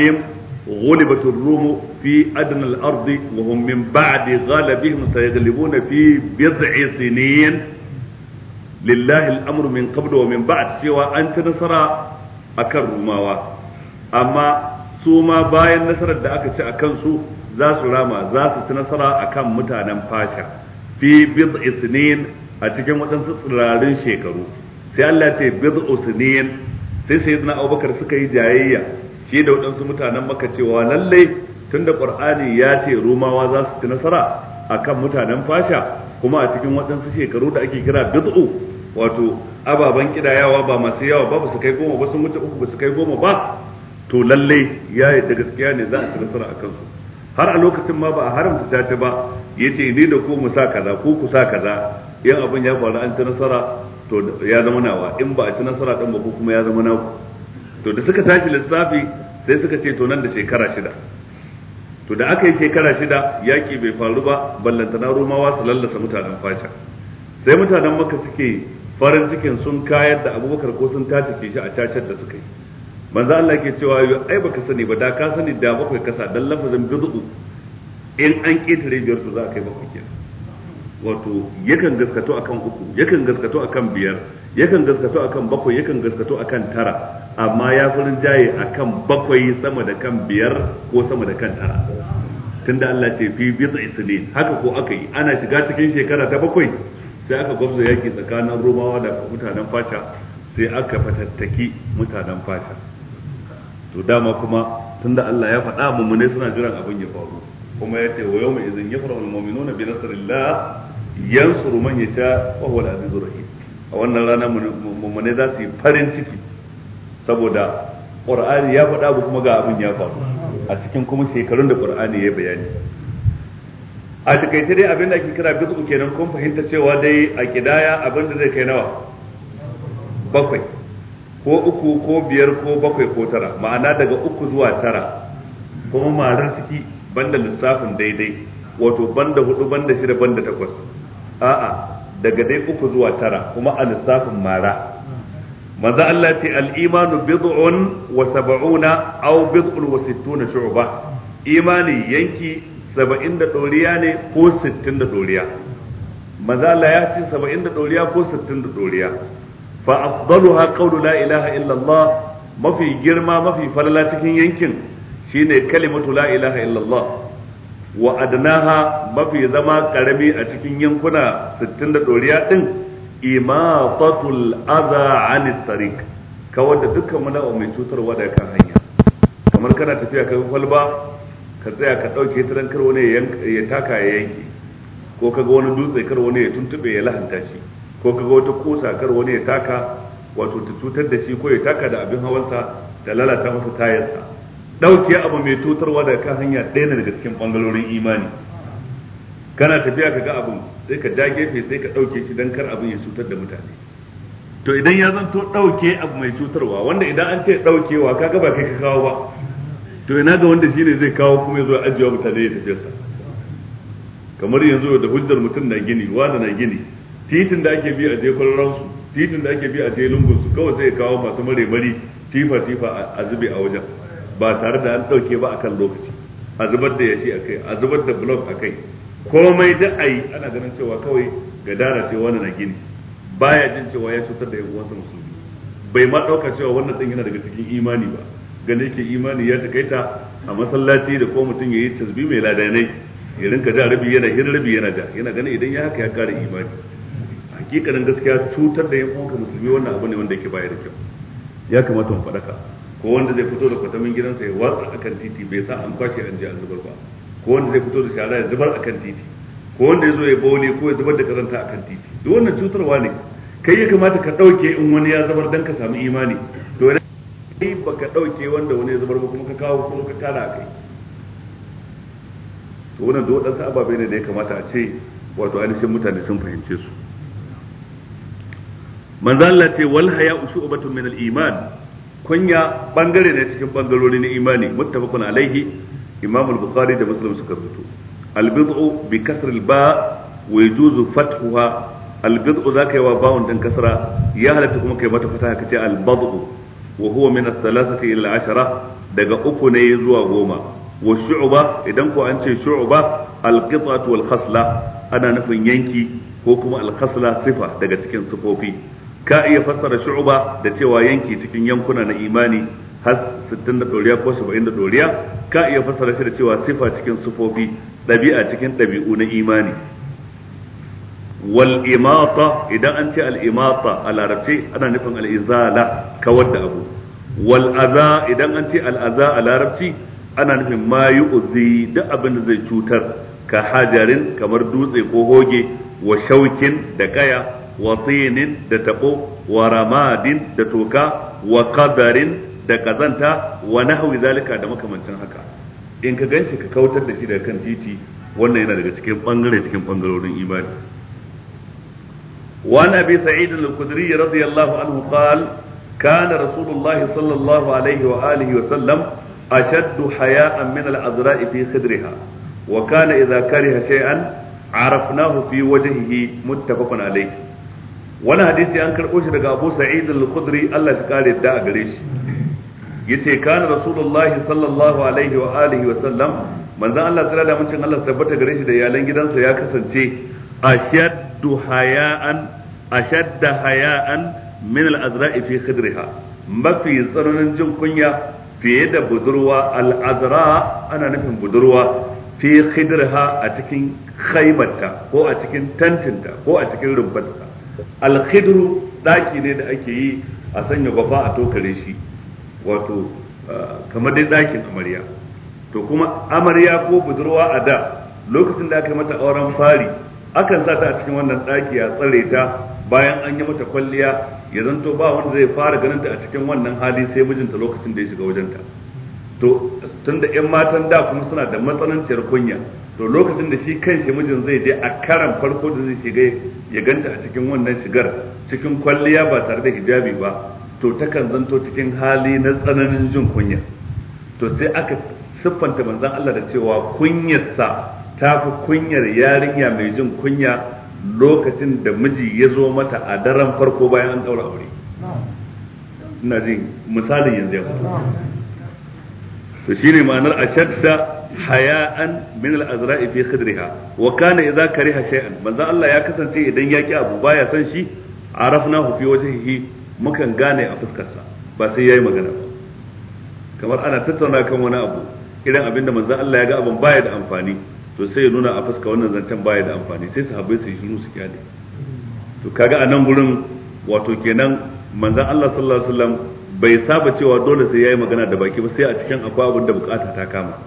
غلبت الروم في أدنى الأرض وهم من بعد غلبهم سيغلبون في بضع سنين لله الأمر من قبل ومن بعد سوى أنت نصر أكر روماوا أما سوما باين نصر الدعاك أكن سو ذا سلاما ذا سنصر أكن متانا فاشا في بضع سنين أتكلم وتنصر لارين شيكرو sai Allah ce bid'u sinin sai sayyidina Abubakar suka yi jayayya shi da waɗansu mutanen maka cewa lallai da qur'ani ya ce romawa za su ci nasara a kan mutanen fasha kuma a cikin waɗansu shekaru da ake kira bid'u wato ababen kidayawa ba masu yawa ba ba su kai goma ba sun wuce uku ba su kai goma ba to lalle ya yi da gaskiya ne za a ci nasara a kansu har a lokacin ma ba a haramta ta ce ba ya ce ni da ko mu sa kaza ko ku sa kaza yan abin ya faru an ci nasara to ya zama nawa in ba a ci nasara ɗan ba ko kuma ya zama naku to da suka tashi lissafi sai suka ce to nan da shekara shida to da aka yi shekara shida yaƙi bai faru ba ballantana romawa su lallasa mutanen fasha sai mutanen maka suke farin cikin sun kayar da abubakar ko sun tace shi a cacar da suka yi manzo Allah ke cewa yo ai baka sani ba da ka sani da bakwai kasa dan lafazin bid'u in an ketare biyar to za a kai bakwai wato yakan gaskato akan uku yakan gaskato akan biyar yakan gaskato akan bakwai yakan gaskato akan tara amma ya fi a akan bakwai sama da kan biyar ko sama da kan tara tunda Allah ce fi bid'i ne haka ko aka yi ana shiga cikin shekara ta bakwai sai aka gwamza yaki tsakanin romawa da mutanen fasha sai aka fatattaki mutanen fasha to dama kuma tunda Allah ya faɗa mummune suna jiran abin ya faru kuma ya ce wa yawma ya yafrahu al-mu'minuna bi nasrillah yansuru man yasha wa huwa al-azizur rahim a wannan rana mummune za su yi farin ciki saboda ƙur'ani ya faɗa abu kuma ga abin ya faru a cikin kuma shekarun da ƙur'ani ya bayani a takaice dai abin da ake kira bisu kenan kun fahimta cewa dai a kidaya abin da zai kai nawa bakwai ko uku ko biyar ko bakwai ko tara ma'ana daga uku zuwa tara kuma marar ciki banda lissafin daidai wato banda hudu banda shida banda takwas a'a daga dai uku zuwa tara kuma a lissafin mara manzo Allah ce al-imanu bid'un wa sab'una aw bid'un wa sittuna shu'ba imani yanki 70 da doriya ne ko 60 da doriya manzo Allah ya ce 70 da doriya ko 60 da doriya fa afdaluha qawlu la ilaha illa Allah mafi girma mafi falala cikin yankin shine kalimatu la ilaha illa Allah wa adnaha mafi zama karami a cikin yankuna 60 da doriya din imatatul adha anit tariq kawar da dukkan wani mai cutarwa daga kan hanya kamar kana tafiya ka kwalba ka tsaya ka dauke tiran kar wani ya taka ya yanke ko kaga wani dutse kar wani ya tuntube ya lahanta shi ko kaga wata kusa kar wani ya taka wato ta da shi ko ya taka da abin hawansa da lalata masa tayarsa dauke abu mai tutarwa daga kan hanya ɗaya na daga cikin bangalorin imani kana tafiya ka ga abin sai ka ja gefe sai ka dauke shi dan kar abin ya cutar da mutane to idan ya zanto dauke abu mai cutarwa wanda idan an ce daukewa kaga ba kai ka kawo ba to ina ga wanda shine zai kawo kuma ya zo ajiyewa mutane ya tafiya sa kamar yanzu da hujjar mutum na gini wanda na gini titin da ake bi a je ransu titin da ake bi a je lungunsu, su kawai sai kawo masu mare mari tifa tifa a zube a wajen ba tare da an dauke ba akan lokaci a zubar da yashi akai a zubar da blok akai komai da ayi ana ganin cewa kawai gadara ce wani na gini baya jin cewa ya cutar da yan uwansa musulmi bai ma ɗauka cewa wannan ɗin yana daga cikin imani ba ganin ke imani ya takaita a masallaci da ko mutum ya yi tasbi mai ladanai ya rinka ja rabi yana hira rabi yana ja yana ganin idan ya haka ya kare imani hakikanin gaskiya cutar da yan musulmi wannan abu ne wanda yake baya da kyau ya kamata mu faɗaka ko wanda zai fito da kwatamin gidansa ya watsa akan titi bai sa an kwashe an je an zubar ba ko wanda zai fito da shara ya zubar akan titi ko wanda ya zo ya bauli ko ya zubar da karanta akan titi duk wannan cutarwa ne kai ya kamata ka ɗauke in wani ya zubar dan ka samu imani to kai baka ɗauke wanda wani ya zubar ba kuma ka kawo kuma ka kara kai to wannan duk wadansu ababe ne da ya kamata a ce wato ainihin mutane sun fahimce su manzo Allah ce wal haya'u shu'batun min al-iman kunya bangare ne cikin bangarori na imani muttafaqun alaihi imam al-bukhari da muslim suka rubuto al-bid'u bi kasr al-ba wa yajuzu fathuha al-bid'u zaka yi wa bawun din kasra ya halatta kuma kai mata fataha kace al-bad'u wa huwa min ath-thalathati ila ashara daga uku ne zuwa goma wa shu'ba idan ko an ce shu'ba al-qit'atu wal-khasla ana nufin yanki ko kuma al-khasla sifa daga cikin sifofi ka iya fassara shu'uba da cewa yanki cikin yankuna na imani har 60 da doriya ko 70 da doriya ka iya fassara shi da cewa sifa cikin sifofi ɗabi'a cikin ɗabi'u na imani wal imata idan an ce al imata a larabci ana nufin al izala kawar da abu wal aza idan an ce al aza a larabci ana nufin ma yu'zi duk abin da zai cutar ka hajarin kamar dutse ko hoge wa shaukin da kaya wa tinin da tabo wa ramadin da toka wa qadarin da kazanta wa nahwi zalika da makamancin haka in ka ganshi ka kautar da shi daga kan titi wannan yana daga cikin bangare cikin bangarorin imani وعن ابي سعيد الخدري رضي kana عنه قال كان رسول الله a الله عليه واله وسلم اشد حياء من العذراء في خدرها وكان اذا كره شيئا عرفناه في وجهه متفق عليه wani hadisi an karɓo shi daga Abu Sa'id al-Khudri Allah ya kare da a gare shi yace kana rasulullahi sallallahu alaihi wa alihi wa sallam manzon Allah tsira da mutum Allah tabbata gare shi da iyalan gidansa ya kasance ashaddu haya'an ashadda haya'an min al-azra'i fi khidriha mafi tsananin jin kunya fiye da budurwa al-azra ana nufin budurwa fi khidriha a cikin khaimarta ko a cikin tantinta ko a cikin rumfarta alkhidru daki ne da ake yi a sanya gwafa a tokare shi wato kamar dai dakin amarya to kuma amarya ko budurwa a da lokacin da aka yi mata auren fari akan sa ta a cikin wannan daki ya tsare ta bayan an yi mata kwalliya ya zanto ba wanda zai fara ganin ta a cikin wannan hali sai mijinta lokacin da ya shiga wajenta to tunda yan matan da kuma suna da matsananciyar kunya to lokacin da shi kanshi mijin zai je a karan farko da zai shiga ya ganta a cikin wannan shigar cikin kwalliya ba tare da hijabi ba to takan zanto cikin hali na tsananin jin kunya to sai aka siffanta manzon Allah da cewa kunyarsa ta fi kunyar yarinya mai jin kunya lokacin da miji ya zo mata a daren farko bayan an daura aure ina jin misalin yanzu ya fito to shine ma'anar ashadda haya'an min al-azra'i fi khidriha wa kana idza kariha shay'an manzo Allah ya kasance idan ya ki abu baya san shi arafnahu fi wajhihi mukan gane a fuskarsa ba sai yayi magana ba kamar ana tattauna kan wani abu idan abinda manzo Allah ya ga abin baya da amfani to sai ya nuna a fuska wannan zancen baya da amfani sai sahabbai su yi shiru su kyale to kaga a nan gurin wato kenan manzon Allah sallallahu alaihi wasallam bai saba cewa dole sai yayi magana da baki ba sai a cikin akwai abin da bukata ta kama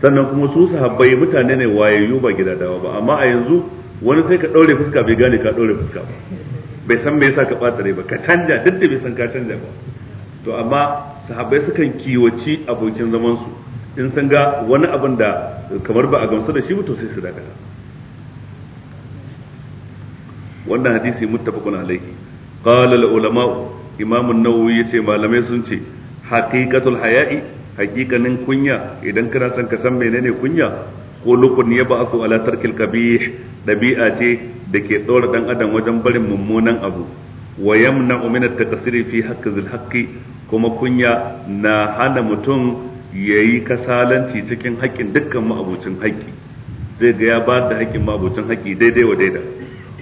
sannan kuma su sahabbai mutane ne wayayyu ba gidadawa ba amma a yanzu wani sai ka daure fuska bai gane ka daure fuska ba bai san me yasa ka bata rai ba ka canja duk da bai san ka canja ba to amma sahabbai sukan kiwaci abokin zaman su in san ga wani abin da kamar ba a gamsu da shi ba to sai su dakata wannan hadisi muttafaqun alaihi qala al ulama'u imamun nawawi ya ce malamai sun ce haqiqatul haya'i haqiqanin kunya idan kana son ka san menene kunya ko ba su ala tarkil kabih dabi'a ce da ke tsora dan adam wajen barin mummunan abu wa yamna'u min at-takasiri fi haqqi zil haqqi kuma kunya na hana mutum yayi kasalanci cikin haƙƙin dukkan ma'abucin haƙƙi zai ga ya ba da haƙƙin ma'abucin haƙƙi daidai wa daidai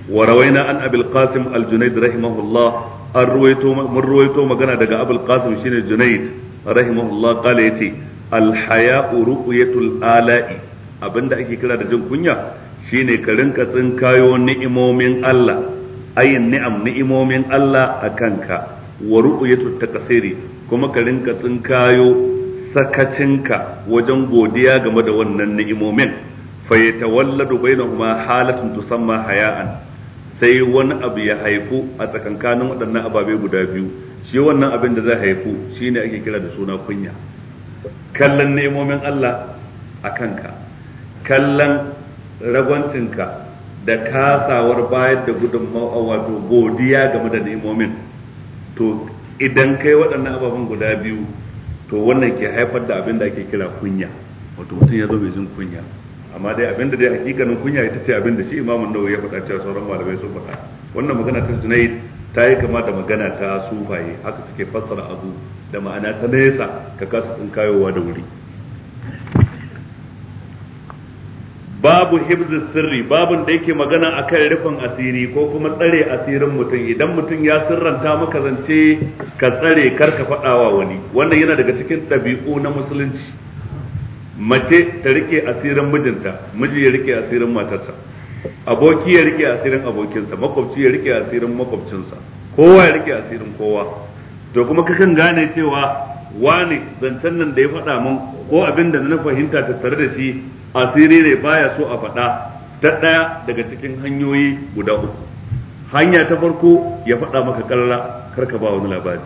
wa rawaina an abil qasim al-junayd rahimahullah an ruwaito mun ruwaito magana daga abul qasim shine junayd rahimahullah qala yace al haya ru'yatul ala'i abinda ake kira da jin kunya shine ka rinka tsinkayo ni'imomin Allah ayin ni'am ni'imomin Allah akan ka wa ru'yatul takasiri kuma ka rinka tsinkayo sakacinka wajen godiya game da wannan ni'imomin fa yatawalladu bainahuma halatun tusamma haya'an sai wani abu ya haifu a tsakankanin waɗannan ababe guda biyu shi wannan abin da zai haifu shine ake kira da suna kunya kallon nemomin Allah a kanka kallon ragwancinka da kasawar bayar da gudunmawa wato godiya game da nemomin to idan kai waɗannan ababen guda biyu to wannan ke haifar da abin da ake kira kunya wato mutum ya zo mai jin kunya amma dai abinda dai hakikanin kunya ita ce abinda shi imamun nawa ya faɗa cewa sauran malamai sun faɗa wannan magana ta sunayi ta yi kama da magana ta sufaye haka suke fassara abu da ma'ana ta nesa ka kasa tsin kayowa da wuri babu hibzu sirri babun da yake magana akan rufin asiri ko kuma tsare asirin mutum idan mutum ya sirranta maka zance ka tsare kar ka faɗawa wani wannan yana daga cikin ɗabi'u na musulunci mace ta rike asirin mijinta miji ya rike asirin matarsa aboki ya rike asirin abokinsa makwabci ya rike asirin makwabcinsa kowa ya rike asirin kowa to kuma kakan gane cewa wani zancen nan da ya faɗa mun ko abin da na fahimta ta tare da shi asiri ne baya so a faɗa ta ɗaya daga cikin hanyoyi guda uku hanya ta farko ya faɗa maka kar karka ba wani labari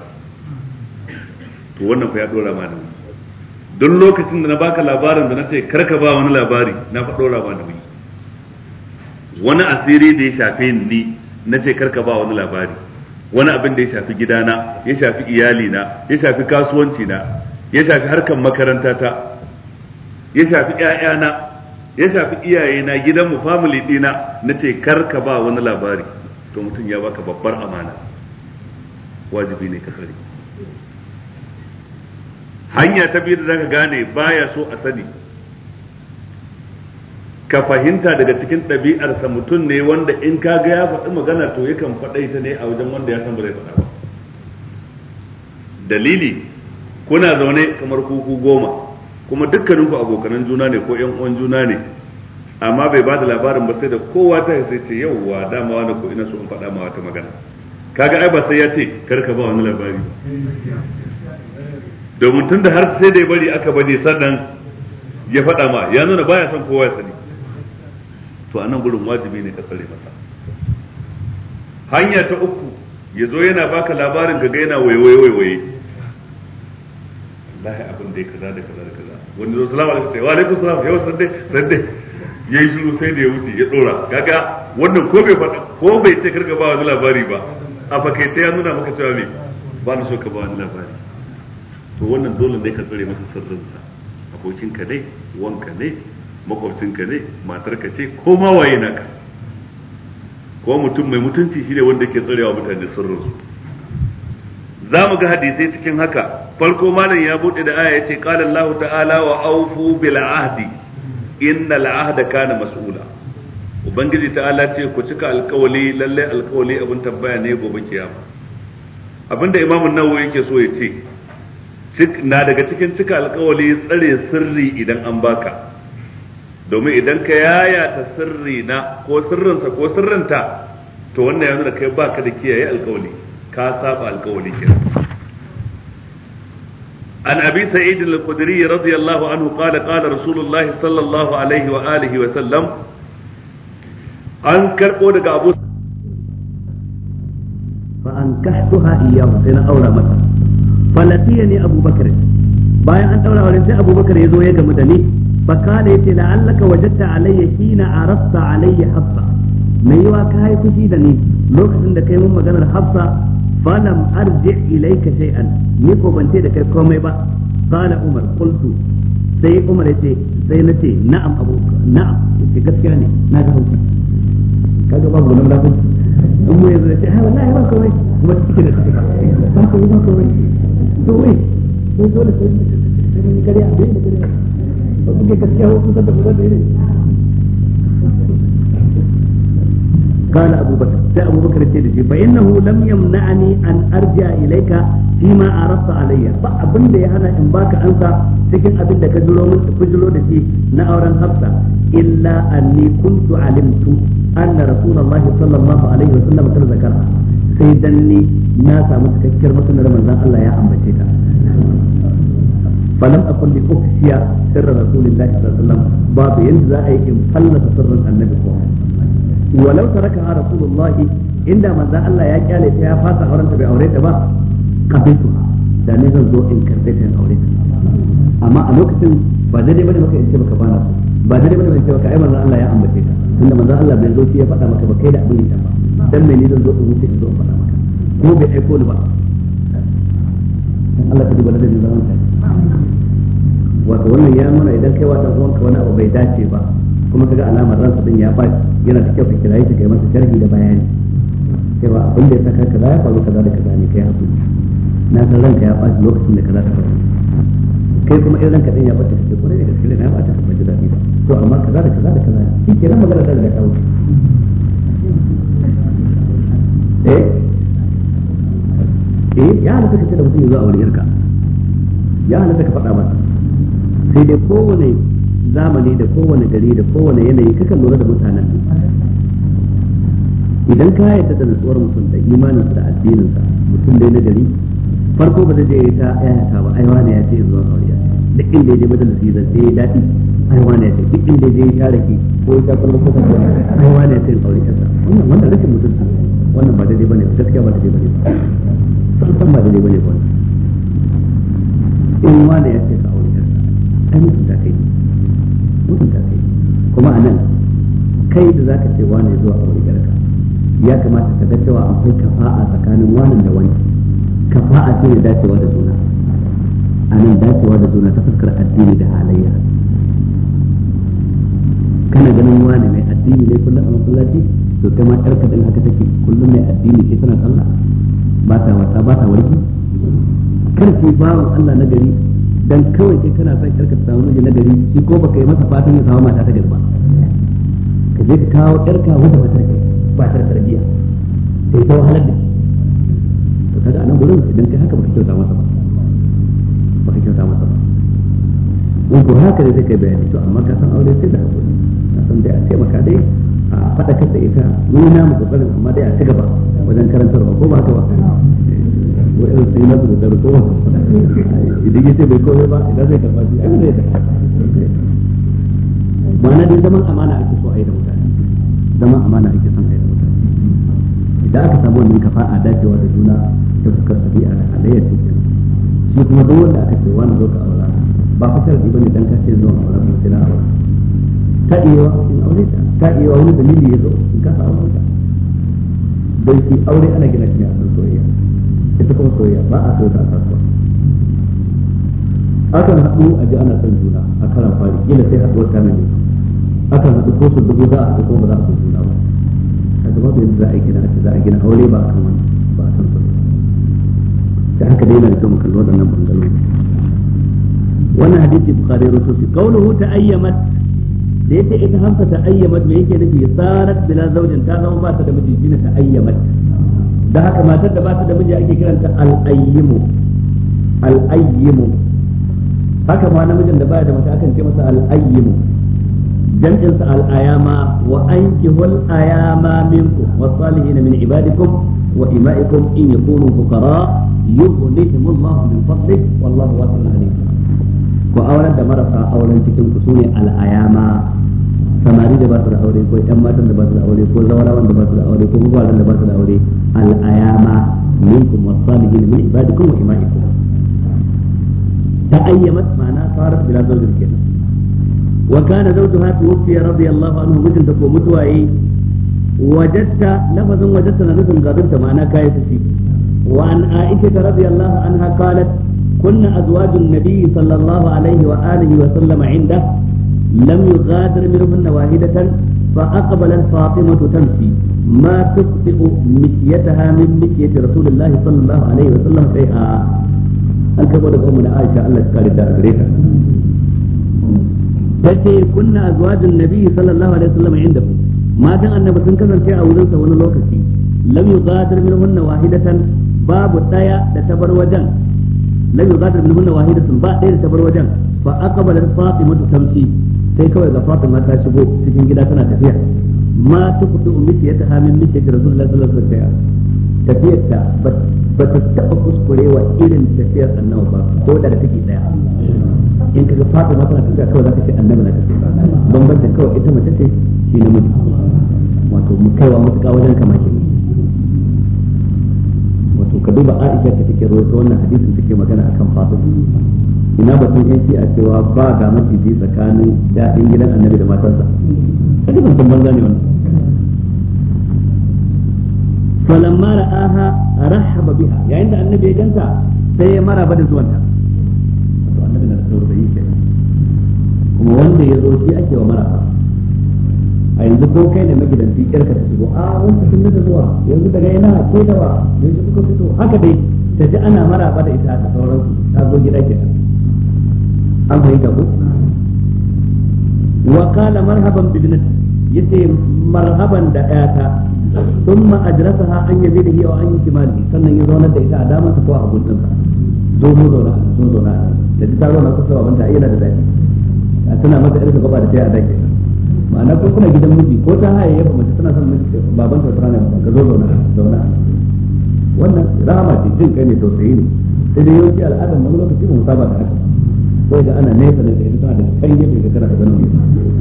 to wannan fa ya dora ma don lokacin da na baka labarin da na ce karka ba wani labari na faɗo labari wani asiri da ya shafe ni na ce karka ba wani labari wani abin da ya shafi gidana ya shafi iyalina ya shafi kasuwanci na ya shafi harkan makarantata ya shafi ƴaƴana ya shafi iyayena gidanmu family ɗina na ce karka ba wani labari to mutum ya baka babbar amana wajibi ne ka kare hanya ta biyu da za ka gane baya so a sani ka fahimta daga cikin ɗabi'arsa mutum ne wanda in ka ga ya faɗi magana to yakan faɗai ta ne a wajen wanda ya san ba zai faɗa ba dalili kuna zaune kamar kuku goma kuma dukkaninku abokanan juna ne ko yan uwan juna ne amma bai ba da labarin ba sai da kowa ta sai ce yauwa dama wani ko ina so in faɗa ma wata magana kaga ai ba sai ya ce kar ka ba wani labari domin tun da har sai da ya bari aka bari sannan ya faɗa ma ya nuna baya son kowa ya sani to anan gurin wajibi ne ka tsare masa hanya ta uku ya zo yana baka labarin waye yana waye waiwaye wallahi abin da ya kaza da kaza da kaza wani zo salamu alaikum sai wa alaikum salam yau sande sande yayi shiru sai da ya wuce ya dora kaga wannan ko bai faɗa ko bai ce karka ba wani labari ba a fakaita ya nuna maka cewa ne ba na so ka ba wani labari to wannan dole ne ka tsare masa sirrinsa abokinka ne wanka ne makwabcinka ne matarka ce ko ma waye naka ko mutum mai mutunci shine wanda ke tsarewa mutane sirrinsu za mu ga hadisai cikin haka farko malam ya bude da aya yace qala Allahu ta'ala wa awfu bil ahdi innal ahda kana mas'ula ubangiji ta'ala ce ku cika alkawali lalle alkawali abin tabbaya ne gobe kiyama abinda imamu nawawi yake so ya ce na daga cikin cika alkawali tsare sirri idan an baka domin idan ka yayata sirri na ko sirrinsa ko sirrinta to wannan yanzu da kai baka da kiyaye alkawali ka saba alkawali kenan عن أبي سعيد الخدري رضي الله عنه قال قال رسول الله صلى الله عليه وآله وسلم an karbo daga abu fa an kahtuha iyyahu sai na aura mata falaqiya ni abubakar bayan an daura wurin sai abubakar ya zo ya gamu da ni fa kana yace la'allaka wajadta alayya hina arasta alayya hafsa mai yiwa ka yi fushi da ni lokacin da kai mun maganar hafsa falam arji ilayka shay'an ni ko ban ce da kai komai ba qala umar qultu sai umar yace sai na ce na'am abu na'am yace gaskiya ne na ga hausa kaga babu nan mu yanzu ha wallahi komai kuma cikin da komai komai قال أبو بكر جاء أبو بكر السيدي فإنه لم يمنعني أن أرجع إليك فيما عرضت علي فأبن لي أنا إن باك أنت سكن أبن لك جلو نسي نأورا حفصة إلا أني كنت علمت أن رسول الله صلى الله عليه وسلم كان ذكرها sai dan ni na samu cikakkiyar masanar manzan Allah ya ambace ta falam akwai da ofishiya sirra rasulillahi sallallahu alaihi sallam babu yadda za a yi in fallasa sirrin annabi ko walau taraka rasulullahi inda manzan Allah ya kyale ta ya fasa auren ta bai aure ta ba kabitu da ne zan zo in karfe ta aure ta amma a lokacin ba daidai bane maka in ce baka bana ba daidai bane maka in ce baka ai manzan Allah ya ambace ta tunda manzan Allah bai zo shi ya faɗa maka ba kai da abin da ba dan me ne zan zo in wuce in zo in faɗa maka ko bai aiko ni ba dan Allah ka duba ladabin zaman ka wato wannan ya mana idan kai wata zuwan ka wani abu bai dace ba kuma kaga alamar ransa din ya faɗi yana da kyau ka kira shi kai masa sharhi da bayani cewa abin da ya saka kaza ya faru kaza da kaza ne kai hakuri na san ranka ya faɗi lokacin da kaza ta faru kai kuma irin ranka din ya faɗi kace ko ne da gaskiya na ba ta ba ji daɗi ba to amma kaza da kaza da kaza shi kenan magana ta da kawo eh eh ya halatta ka ce da mutum ya zo a wani yarka ya halatta ka faɗa masa sai dai kowane zamani da kowane gari da kowane yanayi kakan lura da mutanen idan ka yarda da nutsuwar mutum da imaninsa da addininsa mutum dai na gari farko ba zai je ya ta ayata ba ai wani ya ce zuwa zo a wani duk inda ya je majalisi zance ya daɗi ai wane ce duk inda ya je ya rake ko ya shafar ba kusa ba ai wane ce aure kasa wannan wannan rashin mutunta wannan ba daidai bane gaskiya ba daidai bane ba san ba daidai bane ba in wane ya ce ka aure kasa ai mutunta kai mutunta kai kuma a nan kai da zaka ce wane zuwa aure garka ya kamata ka ga cewa akwai kafa'a tsakanin wannan da wani kafa'a ce da dacewa da suna a nan dacewa da juna ta fuskar addini da halayya kana ganin wani mai addini ne kullum a masallaci to kai ma yar kadan haka take kullum mai addini ke tana sallah ba ta wasa ba ta warki kar ki wa Allah na gari dan kawai kai kana son yar ka samu miji na gari shi ko baka yi masa fatan ya samu mata ta gari ba ka je ka kawo yar ka wata fatar kai ba ta tarbiya sai ta wahalar da shi to kaga anan gurin idan kai haka baka kyauta masa ba in ko haka da take bayani to amma ka san aure sai da hakuri ka san dai a taimaka dai a faɗakar da ita nuna mu kokarin amma dai a ci gaba wajen karantarwa ko ba ta ba eh, wa irin sai na su da ko idan yace bai koyo ba idan zai karba shi ai zai ma'ana dai zaman amana ake so a yi da mutane zaman amana ake son a yi da mutane idan aka samu wannan kafa'a dacewa da juna ta fuskar tabi'a da halayyar shi kuma duk wanda aka ce wani zo ka aura ba fa ba bane dan ka ce zo a wani sai na aure ta iya in aure ta ta iya wani dalili ya zo in ka samu ta dan shi aure ana gina shi a kan soyayya ita kuma soyayya ba a so ta kasuwa akan haɗu a ji ana son juna a karan fari kila sai haɗuwar ta mai akan haɗu ko su dubu za a haɗu ko ba za a son juna ba kaga babu yanzu za a gina za a gina aure ba a kan wani ba a kan soyayya da haka dai na da kyau mu kalli waɗannan bangarori wannan hadisi bukhari rawaito shi qawluhu ta'ayyamat da yace ita hamsa ta'ayyamat me yake nufi sarat bila zawjin ta zama ba ta da miji shine ta'ayyamat da haka matar da ba ta da miji ake kiranta al-ayyimu al-ayyimu haka ma namijin da baya da mace akan ce masa al-ayyimu jam'insa sa al-ayama wa ankihul ayama minkum was-salihin min ibadikum wa ima'ikum in yakunu fuqara yughnihimullahu min fadlihi wallahu wasi'un alim ku aurar da marasa auren cikin ku sune al'ayama samari da ba su da aure ko yan matan da ba su da aure ko zawarawan da ba su da aure ko gwaran da ba su da aure al'ayama minkum wasalihin min ibadikum wa imaikum ta'ayyamat mana sarat bila zawjin kenan wa kana zawjuha tuwfiya radiyallahu anhu mijinta ko mutuwa yi wajadta lafazin wajadta na nufin gadunta mana kayi fushi وعن عائشة رضي الله عنها قالت kunna azwajun nabiy sallallahu alaihi wa alihi wa sallama inda lam yughadir minhunna wahidatan fa aqbalat fatimatu tamshi ma tusbiqu mikyataha min mikyati rasulillah sallallahu alaihi wa sallam sai a an karbo daga ummu Aisha Allah ya kare da gare ta tace kunna azwajun nabiy sallallahu alaihi wa sallam inda matan annabi sun kasance a wurin sa wani lokaci wahidatan babu ɗaya da ta bar wajen lam yugadir min hunna wahidatun ba ɗaya da ta bar wajen fa aqbalat fatimatu tamci sai kawai ga fatima ta shigo cikin gida tana tafiya ma tuqdu ummiki ta hamin miki da rasulullahi sallallahu alaihi wasallam tafiyar ta ba ta taba kuskurewa irin tafiyar annabi ba ko da da take daya in kaga fatima tana tafiya kawai za ta ce annabi na tafiya bambancin kawai ita mace ce shi namiji wato mu kaiwa mutuka wajen kamar kenan duba Aisha ta take rawaito wannan hadisin take magana akan Fatima ina batun yan shi a cewa ba ga maciji tsakanin daɗin gidan annabi da matarsa kaji ban san banza ne wannan falamma ra'aha rahaba biha yayin da annabi ya ganta sai ya maraba da zuwanta to annabi na da tsoro da yake kuma wanda ya zo shi ake wa maraba a yanzu ko kai ne magidanci yarka ta shigo a wanda sun da zuwa yanzu daga yana ko da wa yanzu suka fito haka dai ta ji ana maraba da ita a sauransu ta zo gida kenan an fahimta ko wa kala marhaban bi ya yace marhaban da sun ha an أجلسها da يمينه an yi kimali sannan ya zaunar da ita a damansa kowa a hagunsa zo mu zauna zo zauna da ta zauna kusa wa banta yana da a tana masa irin gaba da ta yi a daɗi ma'ana ko kuna gidan miji ko ta haye yaba mace tana son miji baban ta tana ka zo zauna zauna wannan rahama ce jin kai ne tausayi ne sai dai yawanci al'adar wani lokaci ba mu saba da haka sai da ana nesa da kai tana da kan gefe da kana da ganin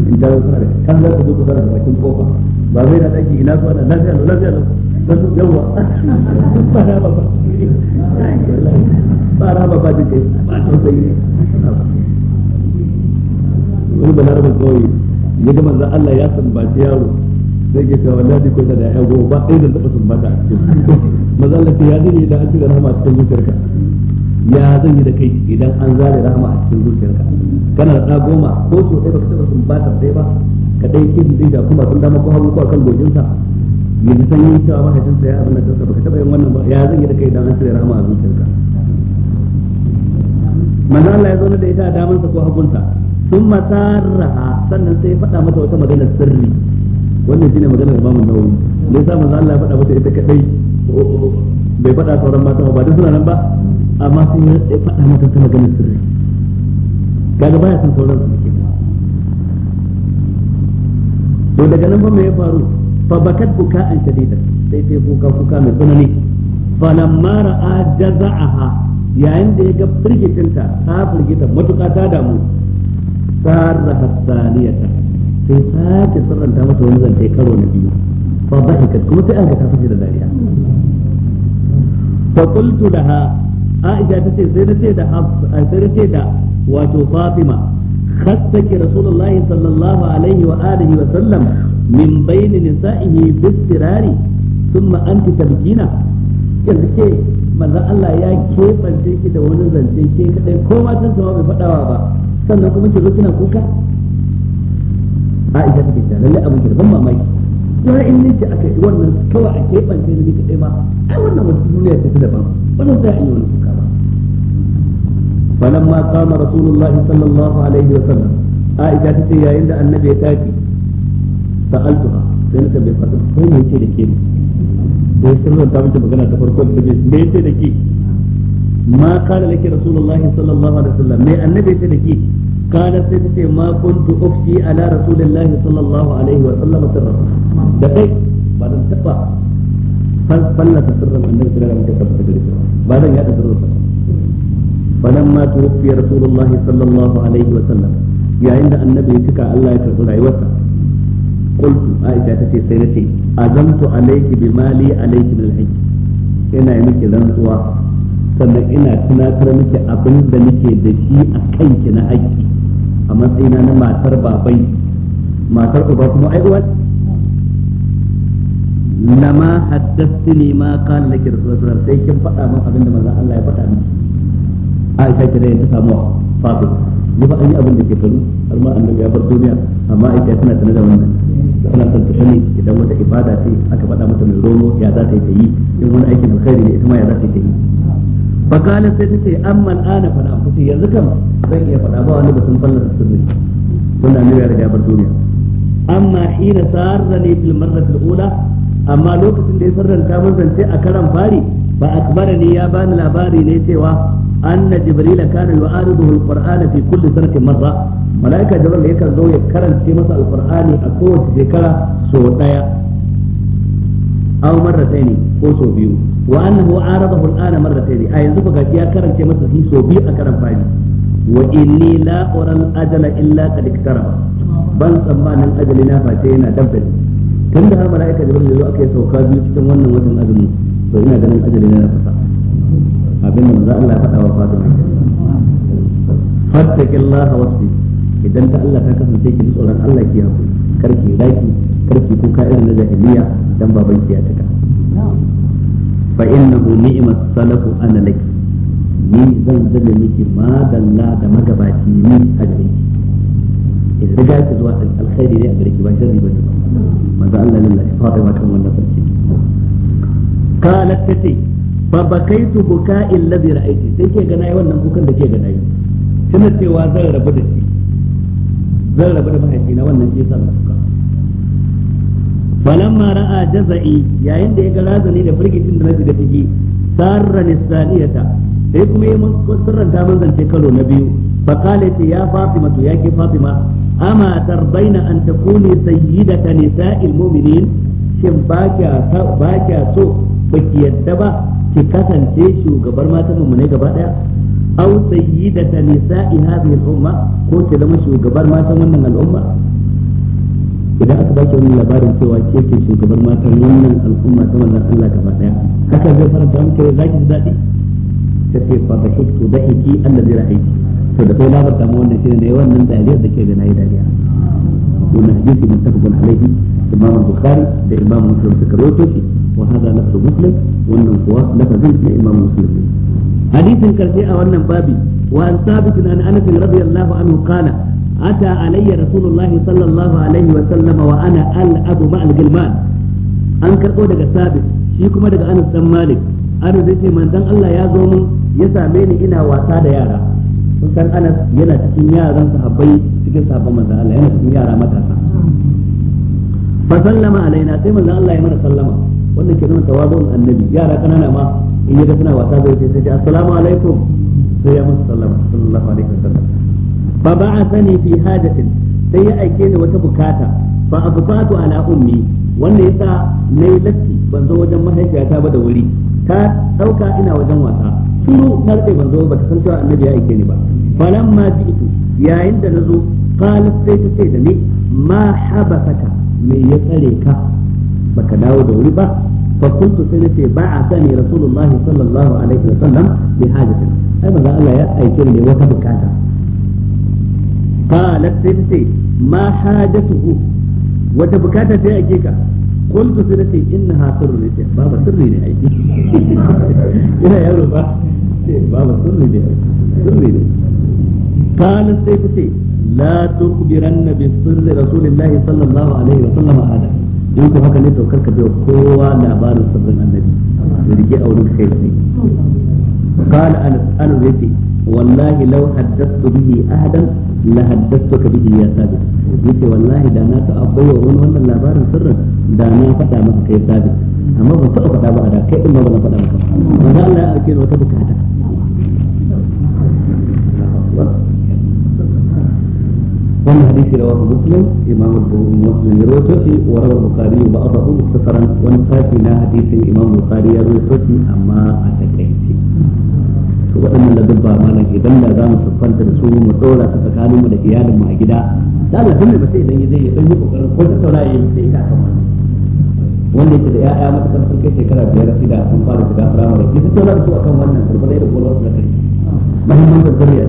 in ta tana da kan za ka zo kusa da bakin kofa ba zai da daki ina ko ana lafiya lau lafiya lau dan yawa ba rahama ba ba rahama ba ba ba ba ba ne ba ba ba ya ga Allah ya sambaci yaro sai ke cewa wallahi ko da ya go ba ɗaya da taba sambata a cikin manzon Allah ya dade idan an cire rahama a cikin zuciyarka ya zan yi da kai idan an zare rahama a cikin zuciyarka kana da ɗa goma ko so ɗaya baka taba sumbata ɗaya ba ka ɗaya kin zai da kuma sun dama ko hagu ko akan gojinsa ya san yin cewa mahaifinsa ya abin da kansa baka taba yin wannan ba ya zan yi da kai idan an cire rahama a zuciyarka Maza Allah ya zauna da ita a damansa ko hagunsa sun masarraha sannan sai faɗa mata wata magana sirri wannan shine da mamun Nawawi ne sa manzo Allah ya faɗa mata ita kadai bai faɗa sauran mata ba da suna nan ba amma sun ya faɗa mata wata magana sirri kaga baya san sauran su to daga nan ba me ya faru fa bakat an shadidan sai sai kuka kuka mai tsanani falamma ra'a jaza'aha yayin da ya ga firgitinta ta firgita matuƙa ta damu sarraha thaniyata sai sake sarranta masa wani zance karo na biyu fa dhahikat kuma sai an ga ta fashe da dariya fa qultu laha aisha tace sai nace da eh, sai nace da wato fatima khattaki rasulullahi sallallahu alaihi wa alihi wa sallam min bayni nisa'ihi bisirari thumma anti tabkina yanzu ke manzon Allah ya keɓance ki da wani zance ke kadai ko matan sama bai faɗawa ba sannan kuma ki zo kina kuka Aisha take ta lalle abin ki ban mamaki kuma in ne ki aka wannan kawai a keɓance ne ka dai ma ai wannan wata duniya ce ta daban wannan sai an yi wani kuka ba falamma qama rasulullahi sallallahu alaihi wa sallam Aisha ce yayin da annabi ya tafi sa'altuha sai na tambaye fatima ko me yake da ke ne sai sun sirrin ta miki magana ta farko da ke yake da ke ma kana laki rasulullahi sallallahu alaihi wasallam mai annabi ce dake kana sai ta ce ma kuntu ufsi ala rasulillahi sallallahu alaihi wasallam sirra da kai ba dan taba fallata sirrin annabi sallallahu alaihi wasallam ba dan yada sirrin sa فلما توفي رسول الله صلى الله عليه وسلم يا عند النبي تكا الله يكرم رايوسا قلت عائشة تتي سيرتي أذنت عليك بمالي عليك من الحج ina yi miki rantsuwa sannan ina tunatar miki abin da nake da shi a kanki na haƙƙi a matsayina na matar babai matar uba kuma ai uwa haddasta ne ma kana da rasulullahi sai kin faɗa min abin da maza Allah ya faɗa min Aisha kira ta samuwa Fatima ya fa an yi abin da ke karu har ma annabi ya bar duniya amma Aisha tana tana da wannan tana son ta sani idan wata ibada ce aka faɗa mata mai romo ya za ta yi ta yi in wani aikin alkhairi ne ita ma ya za ta yi ta yi bakalin sai ta ce an mal'ana fana kuce yanzu kam zan iya faɗa ba wani batun fallasa sirri wanda annabi ya riga bar duniya amma hina ne fil marrati al amma lokacin da ya sarranta mun zance a karan fari ba ne ya bani labari ne cewa anna jibril kana yu'aridu al-qur'ana fi kulli sanatin marra malaika jibril yakan zo ya karance masa al a kowace shekara so daya aw marratayn ko so biyu wa annahu aradahu al-ana marratayn a yanzu baka ya karance masa shi so biyu a karan fari wa inni la ura ajala illa qad iktaraba ban tsammanin ajali na face yana dabbali tun da har mala'ika jibril yazo aka yi sauka biyu cikin wannan watan azumi to ina ganin ajali na kusa da manzo Allah ya faɗa wa Fatima fattakillaha wasbir idan ta Allah ta kasance ki tsoron Allah ki hakuri karki daki karki kuka irin na jahiliya dan baban ki ya taka fa innahu ni'mat salafu ana laki ni zan zame miki madalla da magabaci ni a gare ki idan ga ki zuwa alkhairi ne a gare ki ba sharri ba manzo Allah lillahi ba kan wannan sarki qalat tati fa bakaitu buka'i alladhi ra'aiti sai ke gana wannan kukan da ke gana yi tana cewa zan rabu da shi zan rabu da na wannan shi yasa na ra'a jaza'i yayin da ya ga razani da firgicin da na da ciki sarra nisaniyata sai kuma ya sirranta mun zance kalo na biyu fa ce ya fatima to yake fatima ama tarbaina an takuni sayyidata nisa'il mu'minin shin ba kya ba kya so baki yadda ba ki kasance shugabar matan mu ne gaba daya aw sayyidata nisa'i hadhihi al-umma ko ki zama shugabar matan wannan al'umma idan aka baki wannan labarin cewa ke ce shugabar matan wannan al'umma ta manzon Allah gaba daya haka zai faranta muke zaki ji dadi ta ce fa ba hikku da hiki allazi ra'aiti to da kai labar ta mu wannan shine ne wannan dariyar da ke ga nayi dariya wannan hadisi muttafaqun alaihi imam bukhari da imam muslim suka rawaito shi wa hada lafzu muslim wannan kuwa lafazin da imam muslim hadisin karshe a wannan babi wa an sabit an anas radiyallahu anhu qala ata alayya rasulullah sallallahu alaihi wa sallama wa ana al'abu ma'al gilman an karbo daga sabit shi kuma daga anas dan malik anas yace manzon Allah ya zo mun ya same ni ina wasa da yara kun san anas yana cikin yaran sahabbai cikin sahabban manzon Allah yana cikin yara matasa fa sallama alaina sai manzon Allah ya mara sallama wannan ke nuna annabi yara kanana ma in yaga suna wasa zai ce sai ce assalamu alaikum sai ya musu sallama sallallahu alaihi wasallam fa ba'athani fi hajatin sai ya aike ni wata bukata fa a ala ummi ya yasa nayi latti ban zo wajen mahaifiyata ba da wuri ta dauka ina wajen wasa shiru na rike ban zo ba ta san cewa annabi ya aike ni ba falamma ji'tu yayin da na zo qalat sai ta ce da ni ma habasaka me ya tsare ka baka dawo da wuri ba fa kuntu sai nace ba a sani rasulullah sallallahu alaihi wasallam bi hajatin ai manzo Allah ya aike ne wata bukata qalat sai ma hajatuhu wata bukata sai ake ka قلت سنتي انها سر لك ba سري ne aiki ina yaro ba ba sirri ne sirri ne قال سيفتي لا تخبرن بسر رسول الله صلى الله عليه وسلم هذا in ku haka ne to karka bai kowa labarin sabbin annabi da rike a wurin kai sai قال أنس أنس يتي والله لو حدثت به أحدا لحدثتك به يا ثابت يتي والله دا ناس أبي وغن وانا لابار سر دا نا فتا يا ثابت أما بعدا أكيد وتبكى الحديث رواه مسلم إمام مسلم يروي وروى البخاري بعضه مختصرا ونفاتنا حديث إمام البخاري يروي توشي أما أتكيتي waɗannan a gida da Allah tun ya zai ya ɗan yi kokarin ko ya sai ita da ƴaƴa matakar sun kai shekara biyar shida sun akan wannan turbalai da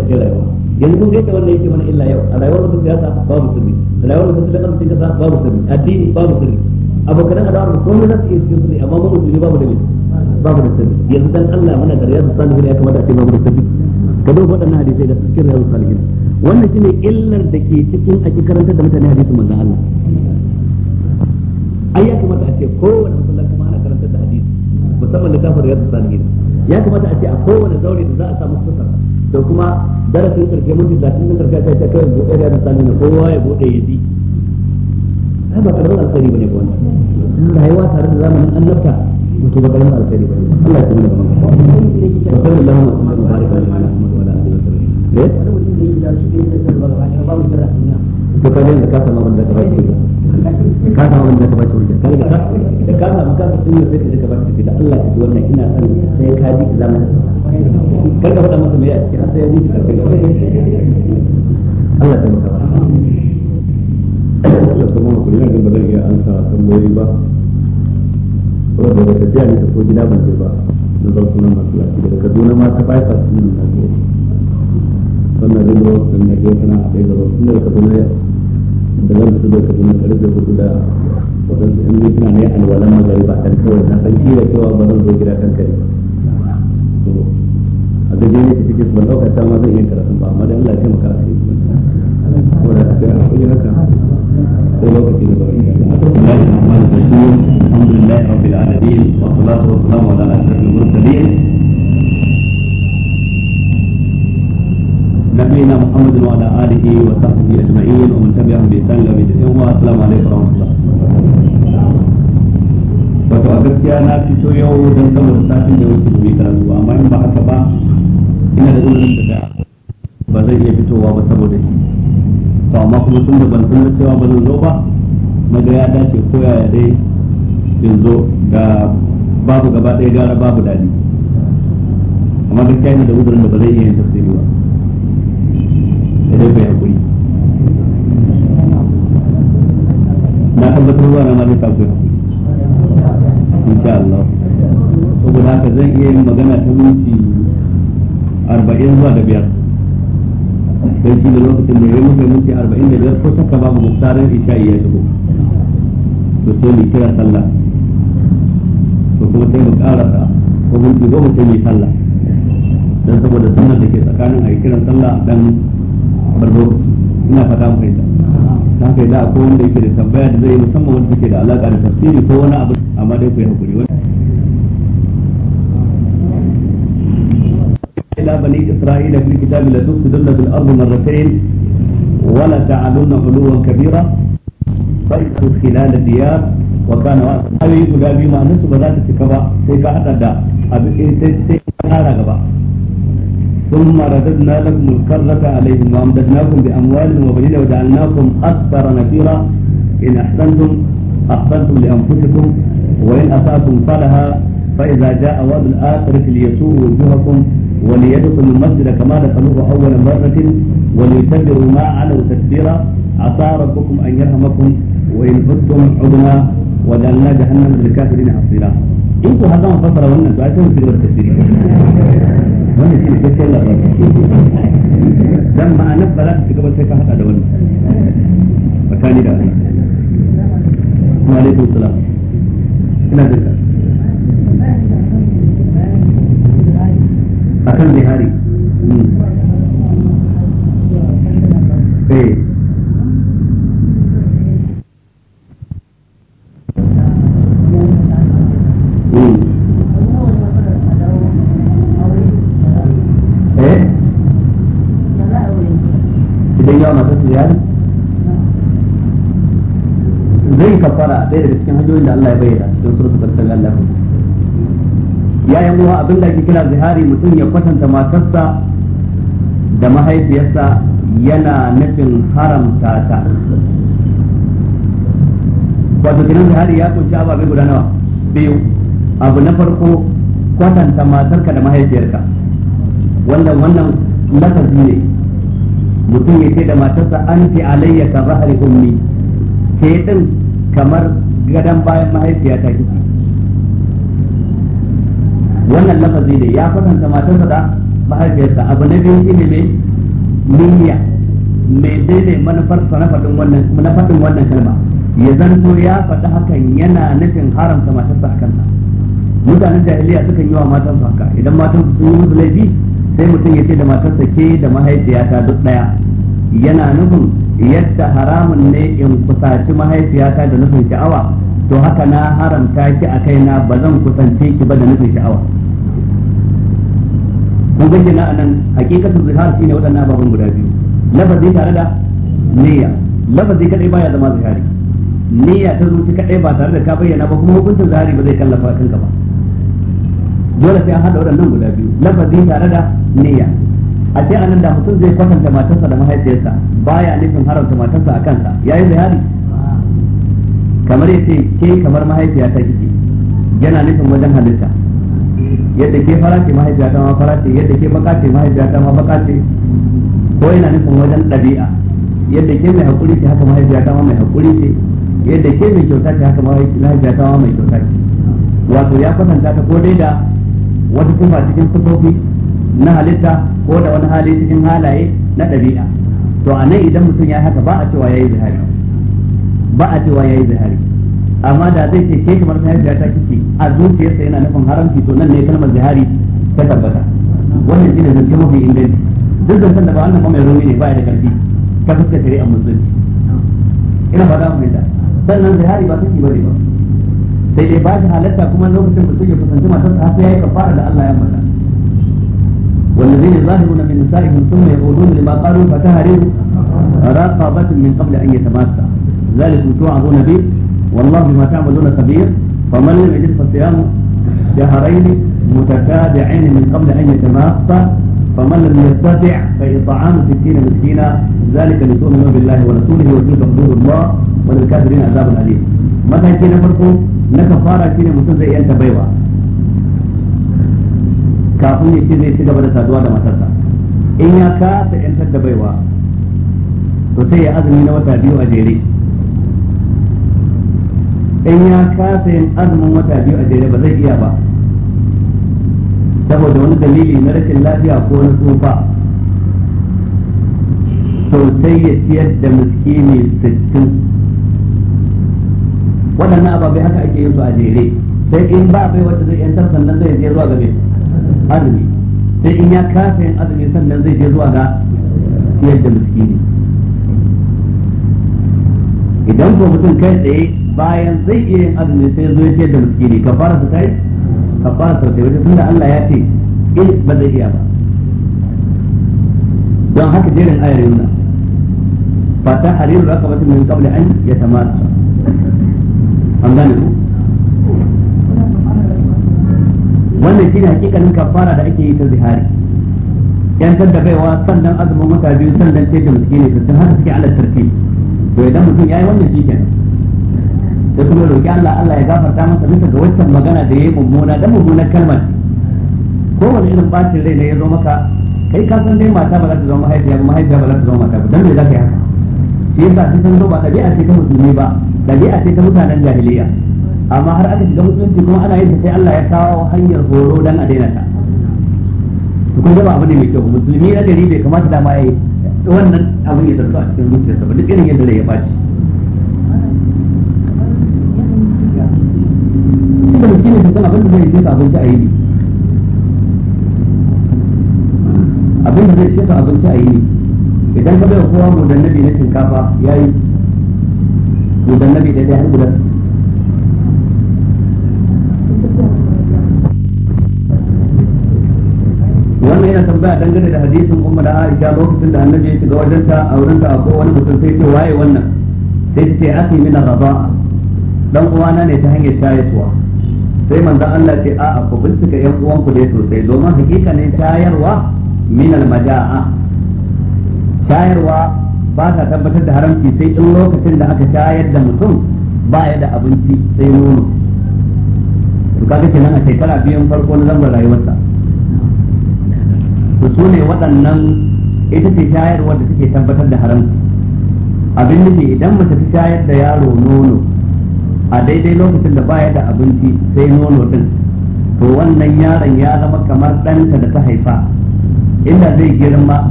kowa yanzu dai da wannan yake mana illa yau a rayuwar mutum siyasa babu sirri a rayuwar mutum da karfin kasa babu sirri addini babu sirri abokan adawa ko mun zasu iya cikin sirri amma mu ne babu da babu da sirri yanzu dan Allah mana da riyadu salihin ya kamata a ce babu da sirri ka duba waɗannan hadisai da cikin riyadu salihin wannan shine illar da ke cikin ake karanta da mutane hadisin manzon Allah ai ya kamata a ce kowanne musulmi kuma ana karanta da hadisi musamman da kafin riyadu salihin ya kamata a ce a kowanne zaure da za a samu kusur da kuma darasin karfe mutu da tun karshe sai ta kai bude da kowa ya bude ya ai ba alkhairi bane ko wannan rayuwa tare da zamanin annabta wato ba alkhairi bane Allah ya tsare wa sallallahu alaihi wa baraka wa ala alihi wa eh da ka wanda ka da ka samu wanda ka bashi hujja ka riga da ka samu ka sai ka je ka tafi da Allah ji wannan ina sai ka ji zama kar ka faɗa masa me ya sai ya ji Allah maka Allah ta iya ba ta ta ko gida ban je ba na zan sunan lafiya Kaduna ma ta bai fasu nan na wannan da na a bai da Kaduna da zan fito da kafin da karfe hudu da ne alwalan magariba kan kawai na san cewa ba zan zo gida kan kare a gaje ne ban ta ma zan iya karatun ba amma dan Allah ya a ko da ta a kuɗi haka sai lokaci da ba Bismillahirrahmanirrahim. rabbil alamin. Wassalatu wassalamu ala asyrafil mursalin. نبينا محمد وعلى آله وصحبه أجمعين ومن تبعهم بإحسان إلى يوم الدين والسلام عليكم ورحمة الله wato a gaskiya na fito yau don da satin da wasu gobe karatu amma in ba haka ba ina da uzurin da ba zai iya fitowa ba saboda shi to amma kuma tun da ban san cewa ba zan zo ba na ga ya dace ko ya dai yanzu da babu gaba ɗaya gara babu daɗi amma gaskiya ne da uzurin da ba zai iya yin tafsiri ba zuwa na malu ta kuwa insha Allah saboda haka zan iya yin magana ta minti arba'in zuwa da biyar don shi da lokacin da ya muka yi minti arba'in da biyar ko saka babu muktarin isha'i ya shigo to sai mu kira sallah to kuma sai mu karasa ko minti goma sai mu yi sallah don saboda sunan da ke tsakanin a yi kiran sallah dan bar lokaci ina fata mu fahimta kan kai za a ko wanda yake da tambaya da zai yi musamman wanda take da alaka da tafsiri ko wani abu amma dai ku yi hakuri wani ila bani isra'ila fil kitabi la tusdunna bil ardi marratayn wa la ta'aduna uluwan kabira faitu khilal al diyar wa kana wa'd ayyu gabi ma'nasu ba za ta cika ba sai ka hada da abin eh, sai sai kara gaba ثم رددنا لكم الكرة عليهم وأمددناكم بأموال وبنين وجعلناكم أكثر نفيرا إن أحسنتم أحسنتم لأنفسكم وإن أسأتم فلها فإذا جاء وعد الآخرة ليسوء وجوهكم وليدخلوا المسجد كما دخلوه أول مرة وليتبروا ما علوا تكبيرا عسى ربكم أن يرحمكم وإن عدتم عدنا وجعلنا جهنم للكافرين حصيلا ان كنت هذا ما فسر وانا دعيت في التفسير وانا في التفسير لا بد لما انا فلا تقبل شيء هذا دون مكاني دا وعليكم السلام الى ذلك أكن بهاري riyal zai kafara ɗaya daga cikin hanyoyin da Allah ya bayyana cikin suratul bakar Allah ya yi muwa abin da ake kira zihari mutum ya kwatanta matarsa da mahaifiyarsa yana nufin haramta ta wato kinan zihari ya kunshi ababe guda nawa biyu abu na farko kwatanta matarka da mahaifiyarka wannan wannan lafazi ne mutum ya ce da matarsa fi alayya kan rahari ummi ke din kamar gadan bayan mahaifiya ta kike wannan lafazi ne ya kwatanta matarsa da mahaifiyarsa abu na biyu shine ne niyya mai zai manufar na wannan wannan kalma ya zanto ya faɗi hakan yana nufin haramta matarsa a kansa mutanen jahiliya sukan yi wa matansu haka idan matansu sun yi musu laifi sai mutum ya ce da matarsa ke da mahaifiyata duk daya yana nufin yadda haramun ne in kusaci mahaifiyata da nufin sha'awa to haka na haramta ki a kaina ba zan kusance ki ba da nufin sha'awa kun ga na anan hakikatin zihar shine waɗannan ababen guda biyu lafazi tare da niyya lafazi kadai baya zama zihari niyya ta zuci kadai ba tare da ka bayyana ba kuma hukuncin zihari ba zai kallafa kanka ba dole sai an hada waɗannan guda biyu lafazi tare da niyya a ce anan da mutum zai kwatanta matarsa da mahaifiyarsa baya nufin haramta matarsa a kansa yayi bayani kamar yace ke kamar mahaifiyata kike yana nufin wajen halitta yadda ke fara ce mahaifiyata ma fara ce yadda ke baka ce mahaifiyata ma baka ce ko yana nufin wajen ɗabi'a yadda ke mai hakuri ce haka mahaifiyata ma mai hakuri ce yadda ke mai kyauta ce haka mahaifiyata ma mai kyauta ce wato ya kwatanta ta ko dai da wata sifa cikin sifofi na halitta ko da wani hali cikin halaye na ɗabi'a to a nan idan mutum ya haka ba a cewa ya yi zihari ba a cewa ya yi zihari amma da zai ce ke kamar mahaifiya ta kike a zuciyarsa yana nufin haramci to nan ne kalmar zihari ta tabbata wannan ne zance mafi inganci duk zancen da ba wannan kuma mai ne ba ya da karfi ta fuskar a musulunci ina ba da mu sannan zihari ba take bari ba sai dai ba ta halatta kuma lokacin mutum ya kusanci matarsa har sai ya kafara da Allah ya mata والذين يظاهرون من نسائهم ثم يعودون لما قالوا فتهروا رقبة من قبل أن يتماسى ذلك توعظون به والله بما تعملون خبير فمن لم يجد فصيام شهرين متتابعين من قبل أن يتماسى فمن لم يستطع فإطعام ستين مسكينا ذلك لتؤمنوا بالله ورسوله وتلك حدود الله وللكافرين عذاب أليم mataki na farko na kafara shine mutum zai yanta baiwa kafin ya ce zai ci gaba da saduwa da matarsa in ya kasa yantar da baiwa to sai ya azumi na wata biyu a jere in ya kasa yin azumin wata biyu a jere ba zai iya ba saboda wani dalili na rashin lafiya ko na tsufa to sai ya ciyar da miskini sittin waɗannan ababai haka ake yin su a jere sai in ba bai wanda zai yantar sannan zai je zuwa ga mai azumi sai in ya kasa yin azumi sannan zai je zuwa ga ciyar da miskini idan ko mutum kai tsaye bayan zai iya yin azumi sai zo ya ciyar da miskini ka fara su kai ka fara su kai wajen tunda Allah ya ce in ba zai iya ba don haka jerin ayar yuna fata hariru rakabatin min qabli an yatamasa an gane ku wannan shine hakikanin kafara da ake yi ta zihari yantar da baiwa sannan azumin wata biyu sannan ce da miskini su sun haka suke ala tarfi to idan mutum ya yi wannan shi kenan da kuma roƙi Allah Allah ya gafarta masa bisa ga wancan magana da ya yi mummuna da mummunar kalmar kowane irin bacin rai ne ya zo maka kai ka san dai mata ba za ta zama mahaifiya ba mahaifiya ba za ta zama mata ba dan me za ka yi haka shi yasa sai san zo ba ɗabi'a ce ta musulmi ba dabi'a sai ta mutanen jahiliya amma har aka shiga musulunci kuma ana yin sai Allah ya kawo hanyar horo dan a daina ta to kun ba abin da mai kyau musulmi na gari bai kamata da ma yayi wannan abin ya zarto a cikin zuciyarsa ba duk irin yadda rai ya baci da mutum ne san abin da zai ce abinci a yi abin da zai ce abinci a yi idan ka bai kowa mu dan nabi na shinkafa yayi idan wannan yana tambaya dangane da hadisin umma da Aisha lokacin da annabi ya shiga wajen ta a wurin ta ko wani mutum sai ce waye wannan sai ta ce aki mina raba dan uwana ne ta hanyar shayarwa sai manzon Allah ce a'a ku bincika yan uwanku dai sosai domin hakika ne shayarwa min almaja'a shayarwa ba ta tabbatar da haramci sai in lokacin da aka shayar da mutum ba ya da abinci sai nono to ke kenan a shekara biyan farko na lambar rayuwarsa to su ne waɗannan ita ce shayarwa da take tabbatar da haramci abin nufi idan mace ta shayar da yaro nono a daidai lokacin da ba ya da abinci sai nono din to wannan yaron ya zama kamar ɗanta da ta haifa inda zai girma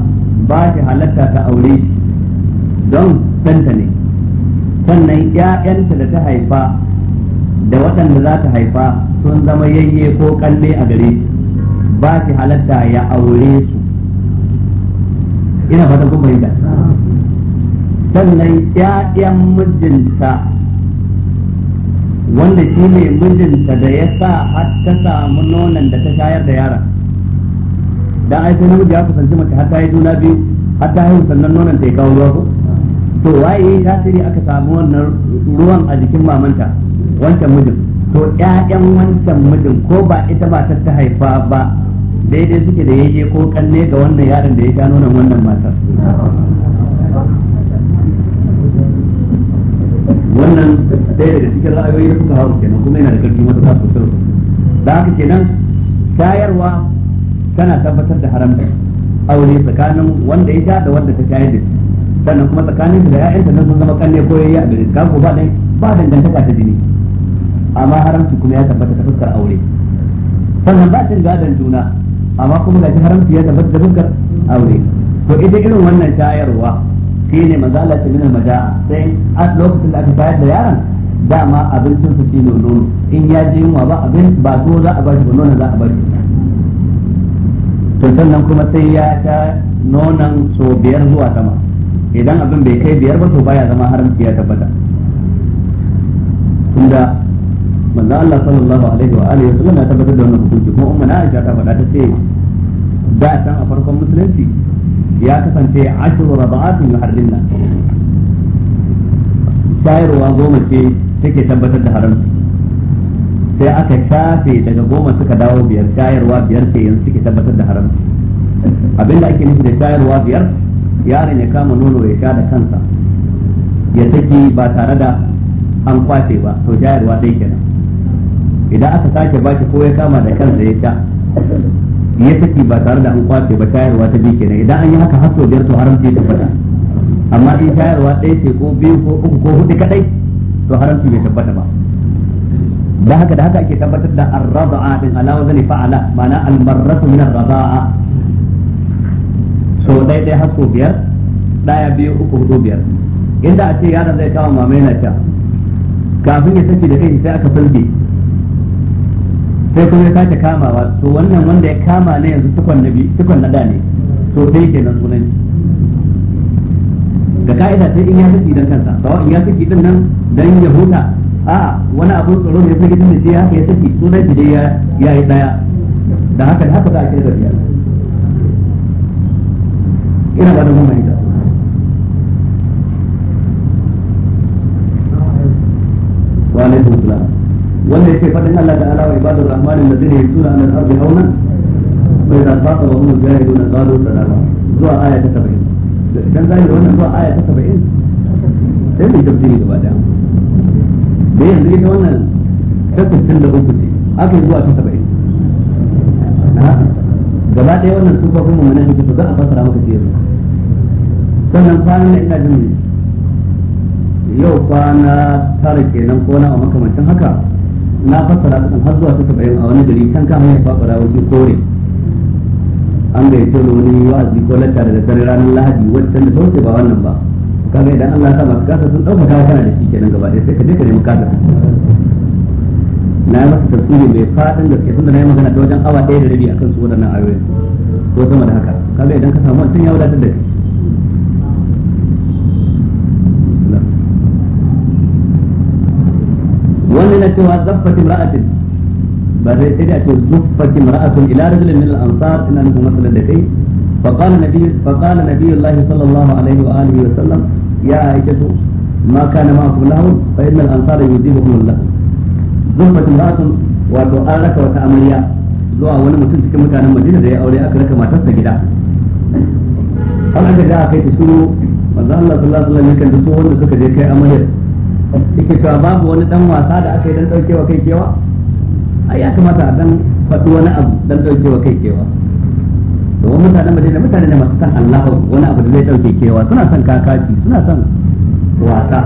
ba shi halatta ta aure shi don ɗanta ne sannan ‘ya'yanta da ta haifa da waɗanda za ta haifa sun zama yayye ko kalle a gare shi ba shi halatta ya aure su ina fata kuma yi sannan ‘ya'yan mijinta wanda shi ne mijinta da ya sa har ta samu nonon da ta shayar da yara dan ai sai namiji ya kusanci mace har ta yi juna biyu har ta haihu sannan nonon ta ya kawo ruwa ko to waye tasiri aka samu wannan ruwan a jikin mamanta wancan mijin to ƴaƴan wancan mijin ko ba ita ba ta haifa ba daidai suke da yayye ko kanne ga wannan yaron da ya sha nonon wannan matar wannan daidai da cikin ra'ayoyi da suka haru kenan kuma yana da karfi matuƙa sosai da haka kenan shayarwa tana tabbatar da haramta aure tsakanin wanda ya sha da wanda ta shayar da shi sannan kuma tsakanin da ya'yanta nan sun zama kalle ko yayi a gare kanko ko ba dai ba dangantaka ta jini amma haramci kuma ya tabbata ta fuskar aure sannan ba cin gadan juna amma kuma ga haramci ya tabbata ta fuskar aure to ita irin wannan shayarwa shi ne manzo Allah ta minar majaa sai a lokacin da aka bayar da yaran dama abincin su shi nono in ya je yunwa ba abin ba to za a ba shi nono za a bashi shi to sannan kuma sai ya ta nonan so biyar zuwa sama idan abin bai kai biyar ba to baya zama haramci ya tabbata tunda manzo Allah sallallahu alaihi wa alihi wasallam ya tabbatar da wannan hukunci kuma umma na Aisha ta faɗa ta ce da san a farkon musulunci ya kasance ashru rabaatin yuharrimna wa goma ce take tabbatar da haramci sai aka shafe daga goma suka dawo biyar shayarwa biyar ke yanzu suke tabbatar da haramci abinda ake nufi da shayarwa biyar yaron ya kama nono ya sha da kansa ya saki ba tare da an kwace ba to shayarwa dai kenan idan aka sake ba shi ko ya kama da kansa ya sha ya saki ba tare da an kwace ba shayarwa ta bi kenan idan an yi haka har sau biyar to haramci tabbata amma in shayarwa ɗaya ce ko biyu ko uku ko hudu kadai to haramci bai tabbata ba da haka da haka ake tabbatar da arraba'a din ala zani fa'ala ma'ana almarratu min arraba'a so daidai ɗaya har biyar ɗaya biyu uku hudu biyar inda a ce yaron zai kawo mamaye na sha kafin ya saki da kai sai aka fulge sai kuma ya sake kamawa to wannan wanda ya kama ne yanzu cikon na biyu cikon na da ne to sai nan sunan ga ka'ida sai in ya saki dan kansa sawa in ya saki din nan dan ya huta a wani abun tsaro ne sai gidan da shi haka ya saki sunan shi dai ya yi daya da haka da haka za a kira da biyar ina ba da mun mai wa alaikum salam wanda yake fadin Allah ta'ala wa ibadur rahman alladhina yusuna an al-ardi hawna wa idha fata wa hum jahiluna qalu salama zuwa aya ta 70 dan zai wannan zuwa aya ta 70 sai mu tafsiri gaba daya dai yanzu ita wannan ta 63 ce aka zuwa ta 70 na gaba ɗaya wannan sufofin mummunan suke to za a fassara maka shi yanzu sannan kwanan na ina jin yau kwana tara kenan ko na a makamancin haka na fassara kasan har zuwa suka bayan a wani gari can kan hanyar fafara wajen kore an ga yace wani wa'azi ko lacca da dare ranar lahadi wancan da sauce ba wannan ba kaga idan Allah ya sa masu kasa sun dauka kana da shi kenan gaba ɗaya sai ka je ka nemi kasa na yi masa tasiri mai fadin gaske tunda na yi magana ta wajen awa ɗaya da rabi akan su waɗannan ayoyin ko sama da haka kaga idan ka samu wancan ya wadatar da kai wannan na cewa zaffati imra'atin ba zai sai da ce zaffati imra'atun ila rajulin min al-ansar ina nufin masalan da kai فقال النبي فقال نبي الله صلى الله عليه واله وسلم يا عائشه ما كان معكم له فان الانصار يجيبهم الله zuhbat imra'atun wato an raka wata amarya zuwa wani mutum cikin mutanen Madina da ya aure aka raka matarsa gida an aka da kai yi su manzo Allah sallallahu alaihi wasallam da su wanda suka je kai amaryar yake cewa babu wani dan wasa da aka yi dan daukewa kai kewa ai ya kamata a dan faɗi wani abu dan daukewa kai kewa domin mutanen Madina mutane ne masu san Allah wani abu da zai dauke kewa suna son kakaci suna son wasa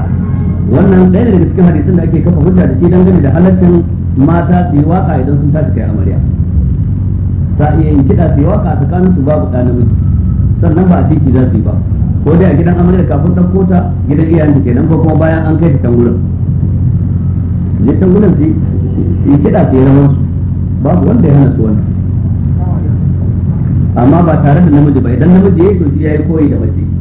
wannan ɗaya daga cikin hadisin da ake kafa hujja da shi dangane da halaccin mata su yi waka idan sun tashi kai amarya za a iya yin kiɗa su yi waka a tsakanin su babu ɗa namiji sannan ba a titi za su yi ba ko dai a gidan amarya kafin ta kota gidan iyayen ta kenan ko kuma bayan an kai ta can gurin ne can gurin su yi kiɗa su yi rawar su babu wanda ya hana su wannan amma ba tare da namiji ba idan namiji ya yi to shi ya yi koyi da mace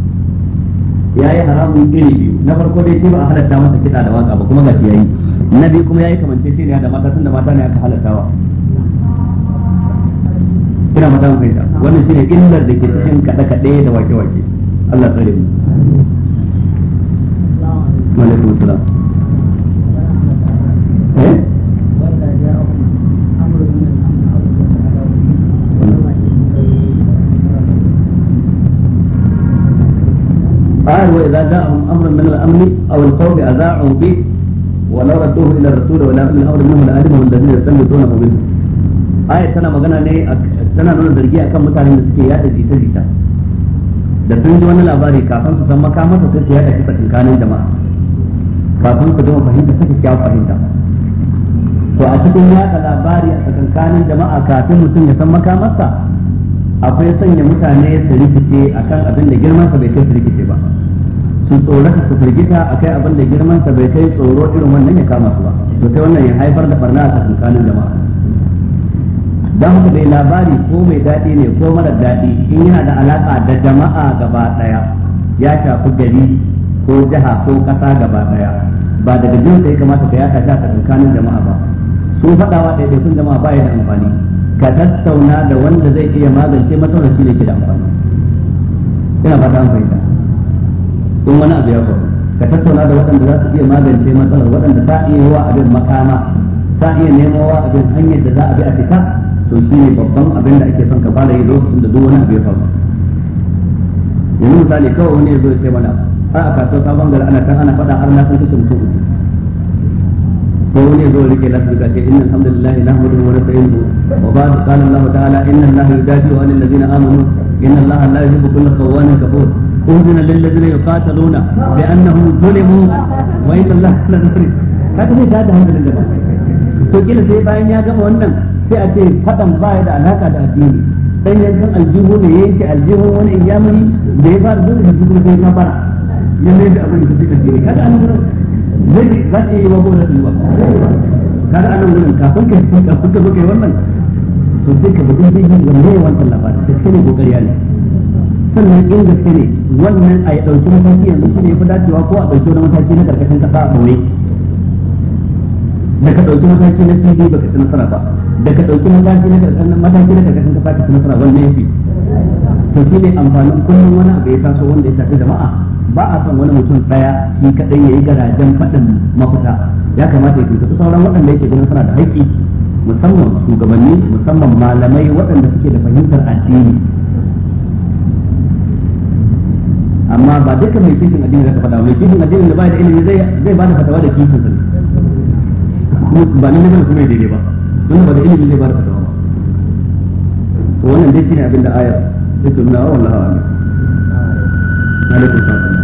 yayi haramun iri biyu na farko dai shi ba a halatta masa kiɗa da waka ba kuma ga yayi na biyu kuma yayi kamance shi ne da mata tun da mata ne aka halattawa ina mata mu fahimta wannan shine illar da ke cikin kada kaɗe da wake-wake Allah tsare mu. Wa alaikum الامن او القوم اذاعوا به ولو ردوه الى الرسول ولا أولي الامر منهم لعلمه الذين يستنبطونه منه آية tana magana ني tana nuna zargi akan mutanen da suke yada jita jita da sun ji wani labari kafin su san makamar su sai yada kisa kankanin jama'a kafin su gama fahimta suka kyawu fahimta to a cikin yada labari a tsakankanin jama'a kafin mutum ya san makamarsa akwai sanya mutane su rikice akan abin da girman sa bai kai su rikice ba su tsorata su firgita a abin da girman sa bai kai tsoro irin wannan ya kama su ba to sai wannan ya haifar da barna a tsakanin jama'a dan haka dai labari ko mai daɗi ne ko mara daɗi in yana da alaka da jama'a gaba ɗaya ya shafi gari ko jiha ko ƙasa gaba ɗaya ba daga jin sai kamata ka yaka ta tsakanin jama'a ba sun faɗawa sun jama'a ba ya da amfani ka tattauna da wanda zai iya magance matsalar shi ne ke da amfani ina ba an amfani in wani abu ya faru ka tattauna da waɗanda za su iya magance matsalar waɗanda ta iya yi wa abin makama ta iya nemo wa abin hanyar da za a bi a fita to shi ne babban abin da ake son ka fara yi lokacin da duk wani abu ya faru yanzu misali kawai wani ya zo ya ce mana a a kasuwar sabon gari ana kan ana faɗa har na san kashe mutum ko wani ya zo rike lafi ga ce inna alhamdulillahi nahmaduhu wa nasta'inuhu wa ba'du qala Allah ta'ala inna Allah yudafi'u 'anil ladina amanu inna Allah la yuhibbu kulla khawanin kafur أذن للذين يقاتلون بأنهم ظلموا وإن الله zai tada hankalin da ba to sai bayan ya gama wannan sai a ce ba da alaka da addini dan yankan aljihu ne yake aljihun wani iyamani da ya fara zuwa da kuma sai ka fara ya da abin da suka ce kaga an gurin zai za ta yi wa gobe da ba kaga an gurin kafin ka kafin ka zo kai wannan to sai ka bi dai ga mai wannan labarin ne sannan in gaske ne wannan a ya ɗauki mataki yanzu shi ne ya fi dacewa ko a ɗauki wani mataki na ƙarƙashin ƙasa a ɓoye da ka ɗauki mataki na cd ba ka ci nasara ba da ka ɗauki mataki na ƙarƙashin mataki na ƙarƙashin ƙasa ka ci nasara wannan ya fi to shi ne amfanin kullum wani abu ya taso wanda ya shafi jama'a ba a son wani mutum ɗaya shi kaɗai ya yi garajen faɗin mafita ya kamata ya tuntuɓi sauran waɗanda yake ganin suna da haƙƙi musamman shugabanni musamman malamai waɗanda suke da fahimtar addini amma ba dukkan mai kishin addini zaka fada mai kishin addini da bai da ilimi zai zai bada fatawa da kishin sa ba ne ne kuma daidai ba wanda ba da ilimi zai bada fatawa ba to wannan dai shine abin da ayar take nuna wa wallahi amin alaikum salam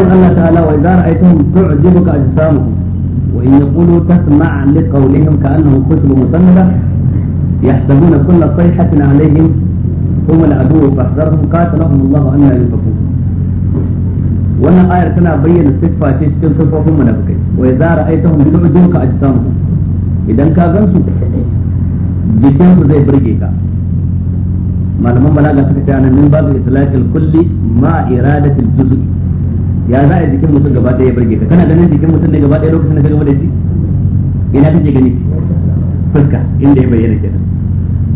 فإن الله تعالى وإذا رأيتهم تعجبك أجسامهم وإن يقولوا تسمع لقولهم كأنهم خشب مسندة يحسبون كل صيحة عليهم هم العدو فاحذرهم قاتلهم الله أن ينفقون wannan ayar tana bayyana siffa ce cikin siffofin munafikai wa idza ra'aytahum yud'un ka ajsamuhum idan ka gansu jikin su zai burge ka malaman balaga suka ce anan min babu itlaqil kulli ma iradatil juz'i ya za a jikin mutum gaba ɗaya ya burge ka kana ganin jikin mutum ne gaba ɗaya lokacin da ka gama da shi ina kake gani fuska inda ya bayyana kenan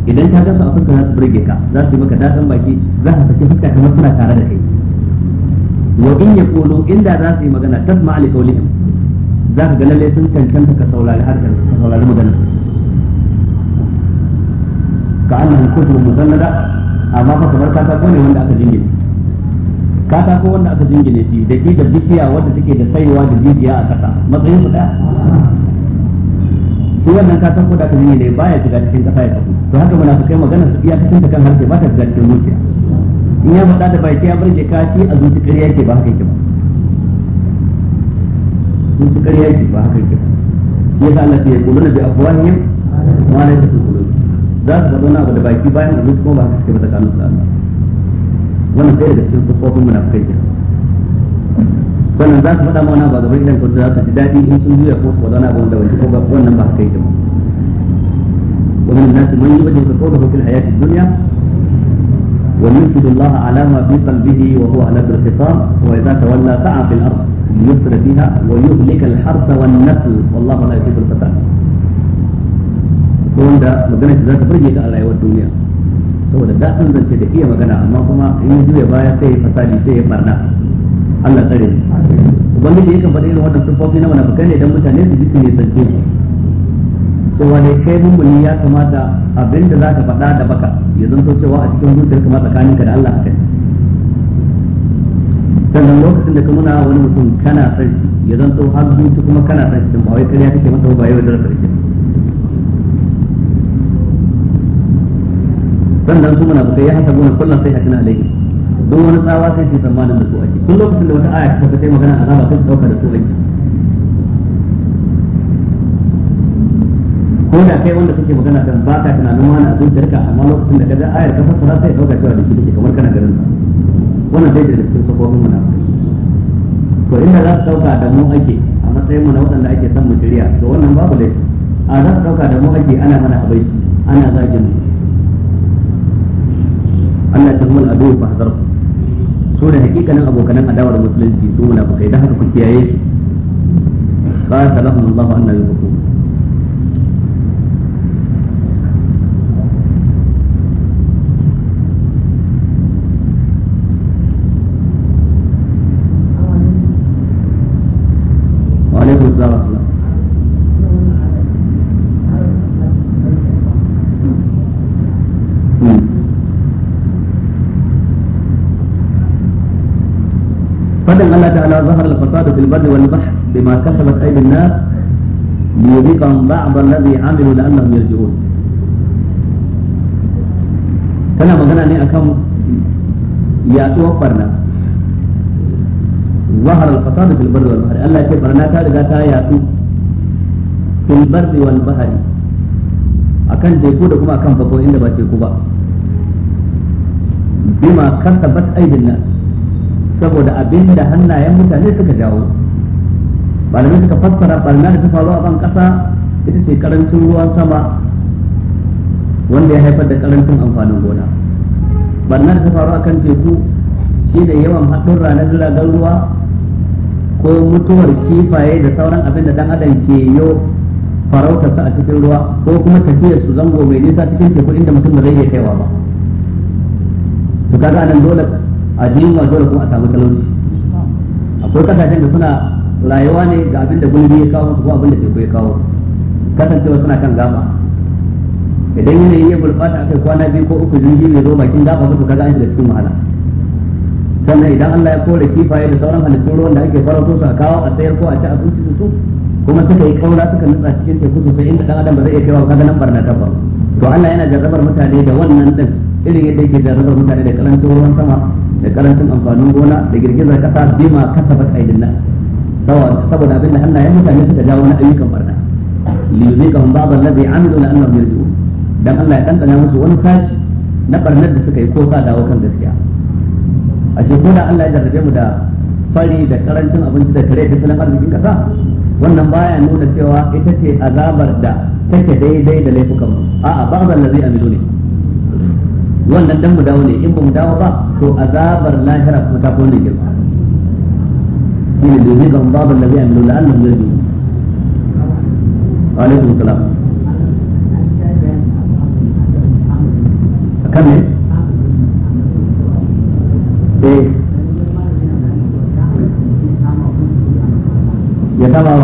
idan ka gasa a fuska za su burge ka za su yi maka daɗin baki za ka saki fuska kamar suna tare da kai wa in ya kolo inda za su yi magana tasma ali kaulihim za ka ga lalle sun cancanta ka saurari harkar ka saurari magana ka annahum kutubun musannada amma fa kamar katako ne wanda aka jingina Ka ta ko wanda aka jingine shi da shi da bishiya wanda take da saiwa da jijiya a kasa matsayin su daya ka wannan ko da aka jingine baya shiga cikin kasa ya tafi to haka kai magana su iya cikin kan harshe ba ta shiga cikin zuciya in ya faɗa da baki ya burge ka shi a zuci ƙarya yake ba haka yake ba zuci ƙarya yake ba haka yake ba shi yasa Allah ya kullu bi afwahihim ma la yaqulun za su faɗa wani abu da baki bayan zuci kuma ba haka yake ba tsakanin su Allah wannan sai daga cikin sufofin munafikai ke wannan za su faɗa ma wani ba gaban idan ko za su ji daɗi in sun juya ko su faɗa wani abu wanda wani ko ba wannan ba haka yake ba ومن الناس من يبدل قوله في الحياة الدنيا ويشهد الله على ما في قلبه وهو على الخصام وإذا تولى سعى في الأرض ليفسد فيها ويهلك الحرث والنسل والله لا يحب الفساد. Wanda magana ce za ta burge ka a rayuwar duniya. saboda an zance da iya magana amma kuma in ya juya baya sai ya fasadi sai ya barna Allah tsare ubangiji yakan faɗi irin wannan sufofi na kai ne dan mutane su ji su ne sance cewa ne kai mummuni ya kamata abinda za ka faɗa da baka ya zanto cewa a cikin zuciyar kama tsakaninka da Allah kai sannan lokacin da ka muna wani mutum kana san shi ya zanto har zuci kuma kana san shi ba wai kariya kake masa ba yau da rasa sannan su munafikai ya haka na kullum sai hatina alaihi don wani tsawa sai su tsammanin da su ake kun lokacin da wata aya ta tafi magana a azaba sai su dauka da su ake ko da kai wanda suke magana kan ba ka tunanin wani a zuciyarka amma lokacin da kaga ayar ka fassara sai dauka cewa da shi take kamar kana garin sa wannan dai da cikin safofin munafikai to inda za su dauka da mu ake a matsayin mu na waɗanda ake son mu shirya to wannan babu laifi a za su dauka da mu ake ana mana abinci ana zagin mu Allah ta zuwa adu fa hazar so da hakikanin abokanan adawar musulunci su munafikai da haka ku kiyaye su qala lahum Allahu anna yufakun البر والبحر بما كسبت أيدي الناس ليذيقهم بعض الذي عملوا لأنهم يرجعون كان مغنى ني أكم يأتي وفرنا ظهر الفساد في البر والبحر ألا يكي برنا تارغا تاياتو في البر والبحر أكن تيكو دكما أكن فقو إن دبا تيكو با بما كسبت أيدي الناس saboda abin da hannayen mutane suka jawo malamai suka fassara barna da ta faru a ban kasa ita ce karancin ruwan sama wanda ya haifar da karancin amfanin gona barna da ta faru a kan teku shi da yawan haɗin ranar jiragen ruwa ko mutuwar kifaye da sauran abin da dan adam ke yo farautarsa a cikin ruwa ko kuma tafiyar su zango mai nisa cikin teku inda mutum ba zai iya kaiwa ba to kaga anan dole a jima dole kuma a samu talauci akwai kasashen da suna rayuwa ne ga abin da gulbi ya kawo su ko abin da teku ya kawo kasancewa suna kan gaba idan yanayi ya a kai kwana biyu ko uku jirgi mai zo bakin gaba ba to kaga an shiga cikin wahala sannan idan Allah ya kore kifaye da sauran halittun ruwan da ake farauto su a kawo a sayar ko a ci abinci da su kuma suka yi kaura suka nutsa cikin teku sosai inda dan adam ba zai iya kaiwa kaga nan barna ba to Allah yana jarrabar mutane da wannan din irin yadda yake jarrabar mutane da karancin ruwan sama da karancin amfanin gona da girgizar kasa bima kasabat aidin nas saboda abin Allah ya mutane suka jawo na ayyukan barna li yuzikahum ba'd alladhi amilu la annahum yarji'un dan Allah ya dandana musu wani sashi na barnar da suka yi ko sa dawo kan gaskiya a ko da Allah ya jarrabe mu da fari da karancin abinci da kare da salan arzikin kasa wannan baya nuna cewa ita ce azabar da take daidai da laifukan mu a'a ba'd alladhi amilu ne wannan dan mu dawo ne in ba mu dawo ba to azabar lahira kuma ta kone girma shine liyuzikahum ba'd allazi amilu la'annahum yarji'un alaikum salam akan ne eh ya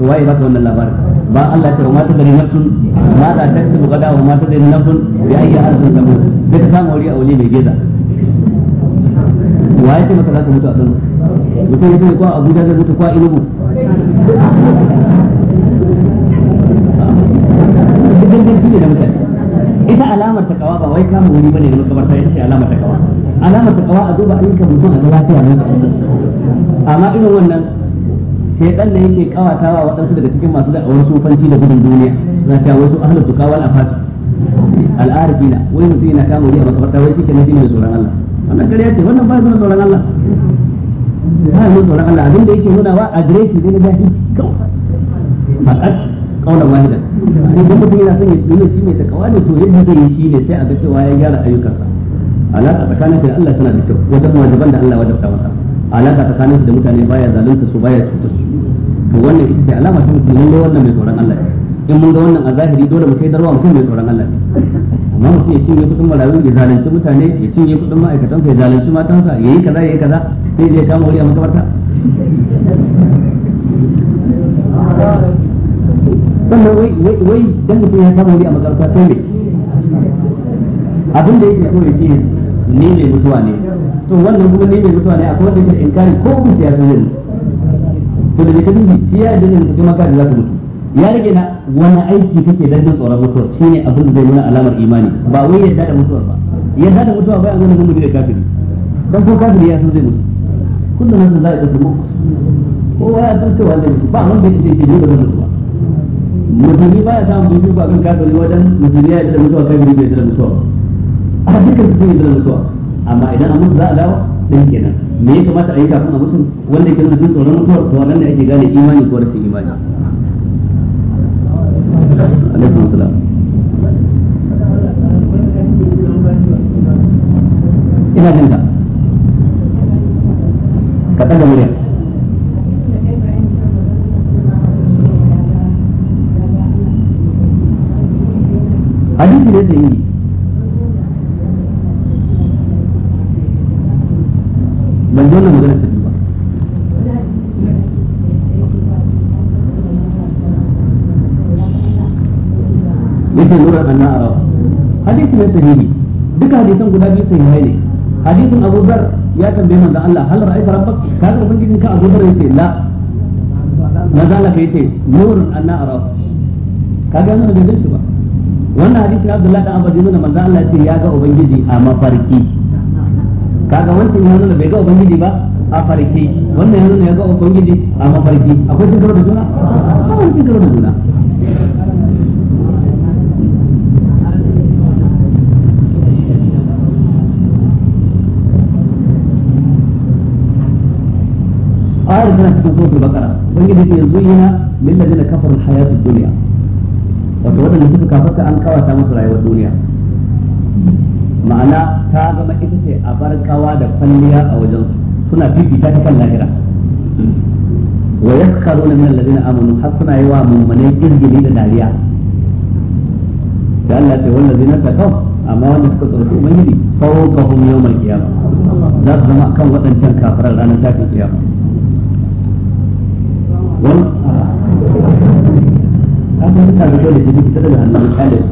to waye ba ta wannan labarin ba Allah ta ma da gari nafsun ma za ta tabu gada wa ma ta gari nafsun ya ayi arzun mu duk ta mawari a wuri mai geza waye ce maka za ka mutu a Kano mutum yake ko a Abuja zai mutu ko a Enugu duk dai shine mutane ita alamar ta kawa ba wai kama wuri bane da makabarta ta yace alamar ta kawa alamar ta kawa a duba ayyukan mutum a ga lafiya ne amma irin wannan shedan ne yake kawatawa waɗansu daga cikin masu wasu fanci da gudun duniya na cewa wasu ahlus sukawal afati na wai mutum yana kama wuri a makabarta wai shi kenan tsoron Allah wannan kare wannan ba tsoron Allah ba tsoron Allah abin da yake nuna wa adireshi ne na kawai ya nuna zai yi shi ne sai a ga ya ayyukansa alaƙa tsakanin da Allah da kyau da Allah wajabta alaka tsakanin da mutane baya zalunta su baya cuta su to wannan ita ce alama ta mutum ne wannan mai tsoron Allah in mun ga wannan a zahiri dole mu shaidar wa mutum mai tsoron Allah amma mutum ya cinye kudin marayu ya zalunci mutane ya cinye kudin ma'aikatan ya zalunci matansa ya yi kaza ya yi kaza sai zai kama wuri a makabarta sannan wai dan mutum ya kama wuri a makabarta sai ne abin da yake so ya ce ni mai mutuwa ne to wannan kuma ni mai mutuwa ne akwai wanda yake inkari ko kuma ya san zai to da kake dubi shi ya da ne kuma maka da za ka mutu ya rage na wani aiki kake dan jin tsoron mutuwa shine abin da zai nuna alamar imani ba wai yadda da mutuwa ba yadda da mutuwa ba a nuna mun da kafiri dan ko kafiri ya san zai mutu kullum nan zai a yi Ko kowa ya san cewa zai mutu ba wanda yake ce ni da zan mutu ba musulmi ba ya samun bibi ba kan kafiri wajen musulmi ya da mutuwa kafiri bai da mutuwa ba a dukkan su ne da zuwa amma idan an mutu za a dawo dan kenan me ya kamata a yi kafin a mutu wanda ke nuna tsoron mutuwar to nan da ake gane imani ko rashin imani alaikum salam ina jinka sahihi duka hadisan guda biyu sahihai ne hadisin Abu Dhar ya tambaye manzo Allah hal ra'aita rabbak ka ga ubangijin ka Abu Dhar yace la na Allah kai yace nurun anna ara ka ga nan da shi ba wannan hadisi Abdullahi da Abu Dhar manzo Allah yace ya ga ubangiji a mafarki kaga wancan ya nuna bai ga ubangiji ba a farki wannan ya nuna ya ga ubangiji a mafarki akwai cin da juna akwai cin da juna ayar tana cikin suratul baqara ubangiji yake yanzu yana lil ladina kafaru hayatu dunya wato wadanda suka kafarta an kawata masu rayuwar duniya ma'ana ta zama ita ce a bar da kwalliya a wajen suna fifita ta kan lahira wa yaskharuna min alladhina amanu har suna yi wa mummunai izgili da dariya da Allah ce wannan zina ta kawo amma wanda suka tsarki ubangiji fawqahum yawmal qiyamah za su zama kan waɗancan kafiran ranar tashin kiyama wani kafin suka ga dole su ta daga hannun kalin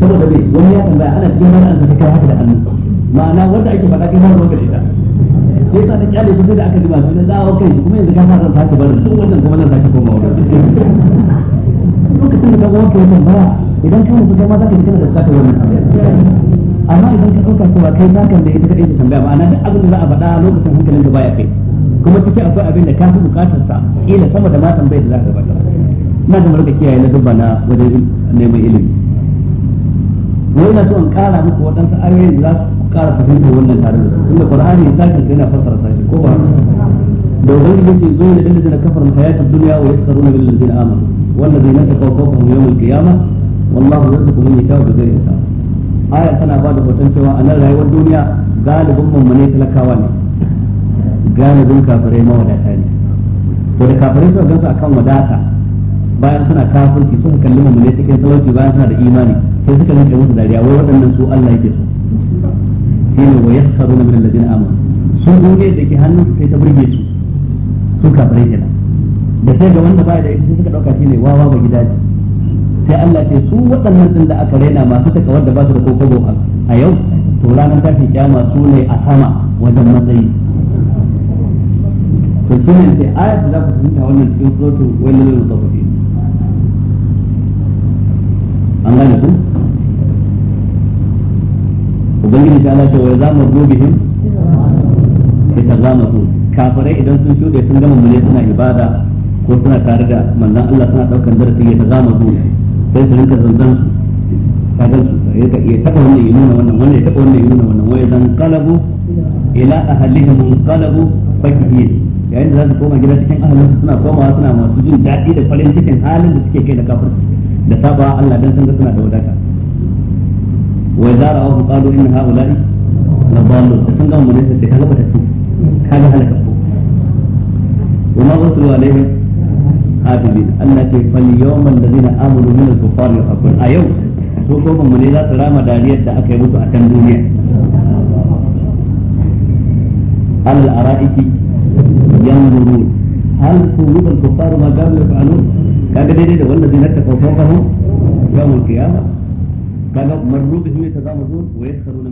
saboda bai wani ya tambaya ana cikin wani an zaka haka da hannu ma'ana wanda ake faɗa kai har wanda ita sai sa ta kyale su da aka ji masu na zawo kai kuma yanzu ka fara ta ka barin su wannan kuma nan zaka koma wani lokacin da ka wanke wannan ba idan ka mutu kai ma zaka ji kana da zaka wannan amma idan ka ɗauka cewa kai zakan da ita kaɗai ta tambaya ma'ana duk abin da za a faɗa lokacin hankalin ka baya kai kuma cikin akwai abin da ka fi bukatar sa kila sama da matan bai da za ka gabata ina da marka kiyaye na dubba na wajen neman ilimi wai na son in kara muku waɗansu ayoyin da za su kara fahimtar wannan tare da su tunda qur'ani ya sake sai na fassara sai ko ba da ubangiji ce zo ne dalilin da kafar hayatu dunya wa yasruna bil ladina amanu wanda zai nanta kawo kofar yawmul qiyamah wallahu yarzuqu man yasha'u bi ghairi hisab aya tana ba da hoton cewa a nan rayuwar duniya galibin mummune talakawa ne zun kafirai mawadata ne to da kafirai suka gansu akan wadata bayan suna kafirci suka kalli mamule cikin talauci bayan suna da imani sai suka rinke musu dariya wai waɗannan su Allah yake shi ne wa na min alladhina amur sun goge da ke hannun su sai ta burge su sun kafirai kenan da sai ga wanda baya da ita suka ɗauka shi shine wawa ba gidaje sai Allah ce su waɗannan din da aka raina masu taka wanda ba su da kokobo a yau to ranar tafi kyama su ne a sama wajen matsayi to shi ne sai ayat da za ku fahimta wannan cikin suratu wani lalata mutafafi an gane su ubangiji ta lafiya wa za mu rubihim ita ta zama su kafirai idan sun shuɗe sun gama mule suna ibada ko suna tare da manzan Allah suna ɗaukar darasi ya ta zama su sai su rinka zanzan su kagan su ya taɓa wannan ya nuna wannan wannan ya taɓa wannan ya nuna wannan wai zan kalabu ila ahalihim mun kalabu fakihin yayin da za su koma gida cikin ahalin suna komawa suna masu jin daɗi da farin cikin halin da suke kai da kafirci da saba Allah dan san suna da wadata wa idza ra'ahu qalu inna ha'ula'i la dallun da sun ga mun sai kaga bata su kaga halaka ko wa ma rusulu alaihim hafizin Allah ce fal yawmal ladina amanu min al-kuffar yaqul a yau ko mun ne za su rama dariyar da aka yi musu a kan duniya al-ara'iki ينظرون هل قلوب الكفار ما كانوا يفعلون كان دي ده والذين اتقوا فوقهم يوم القيامه كانوا مروا بهم يتذامرون ويدخلون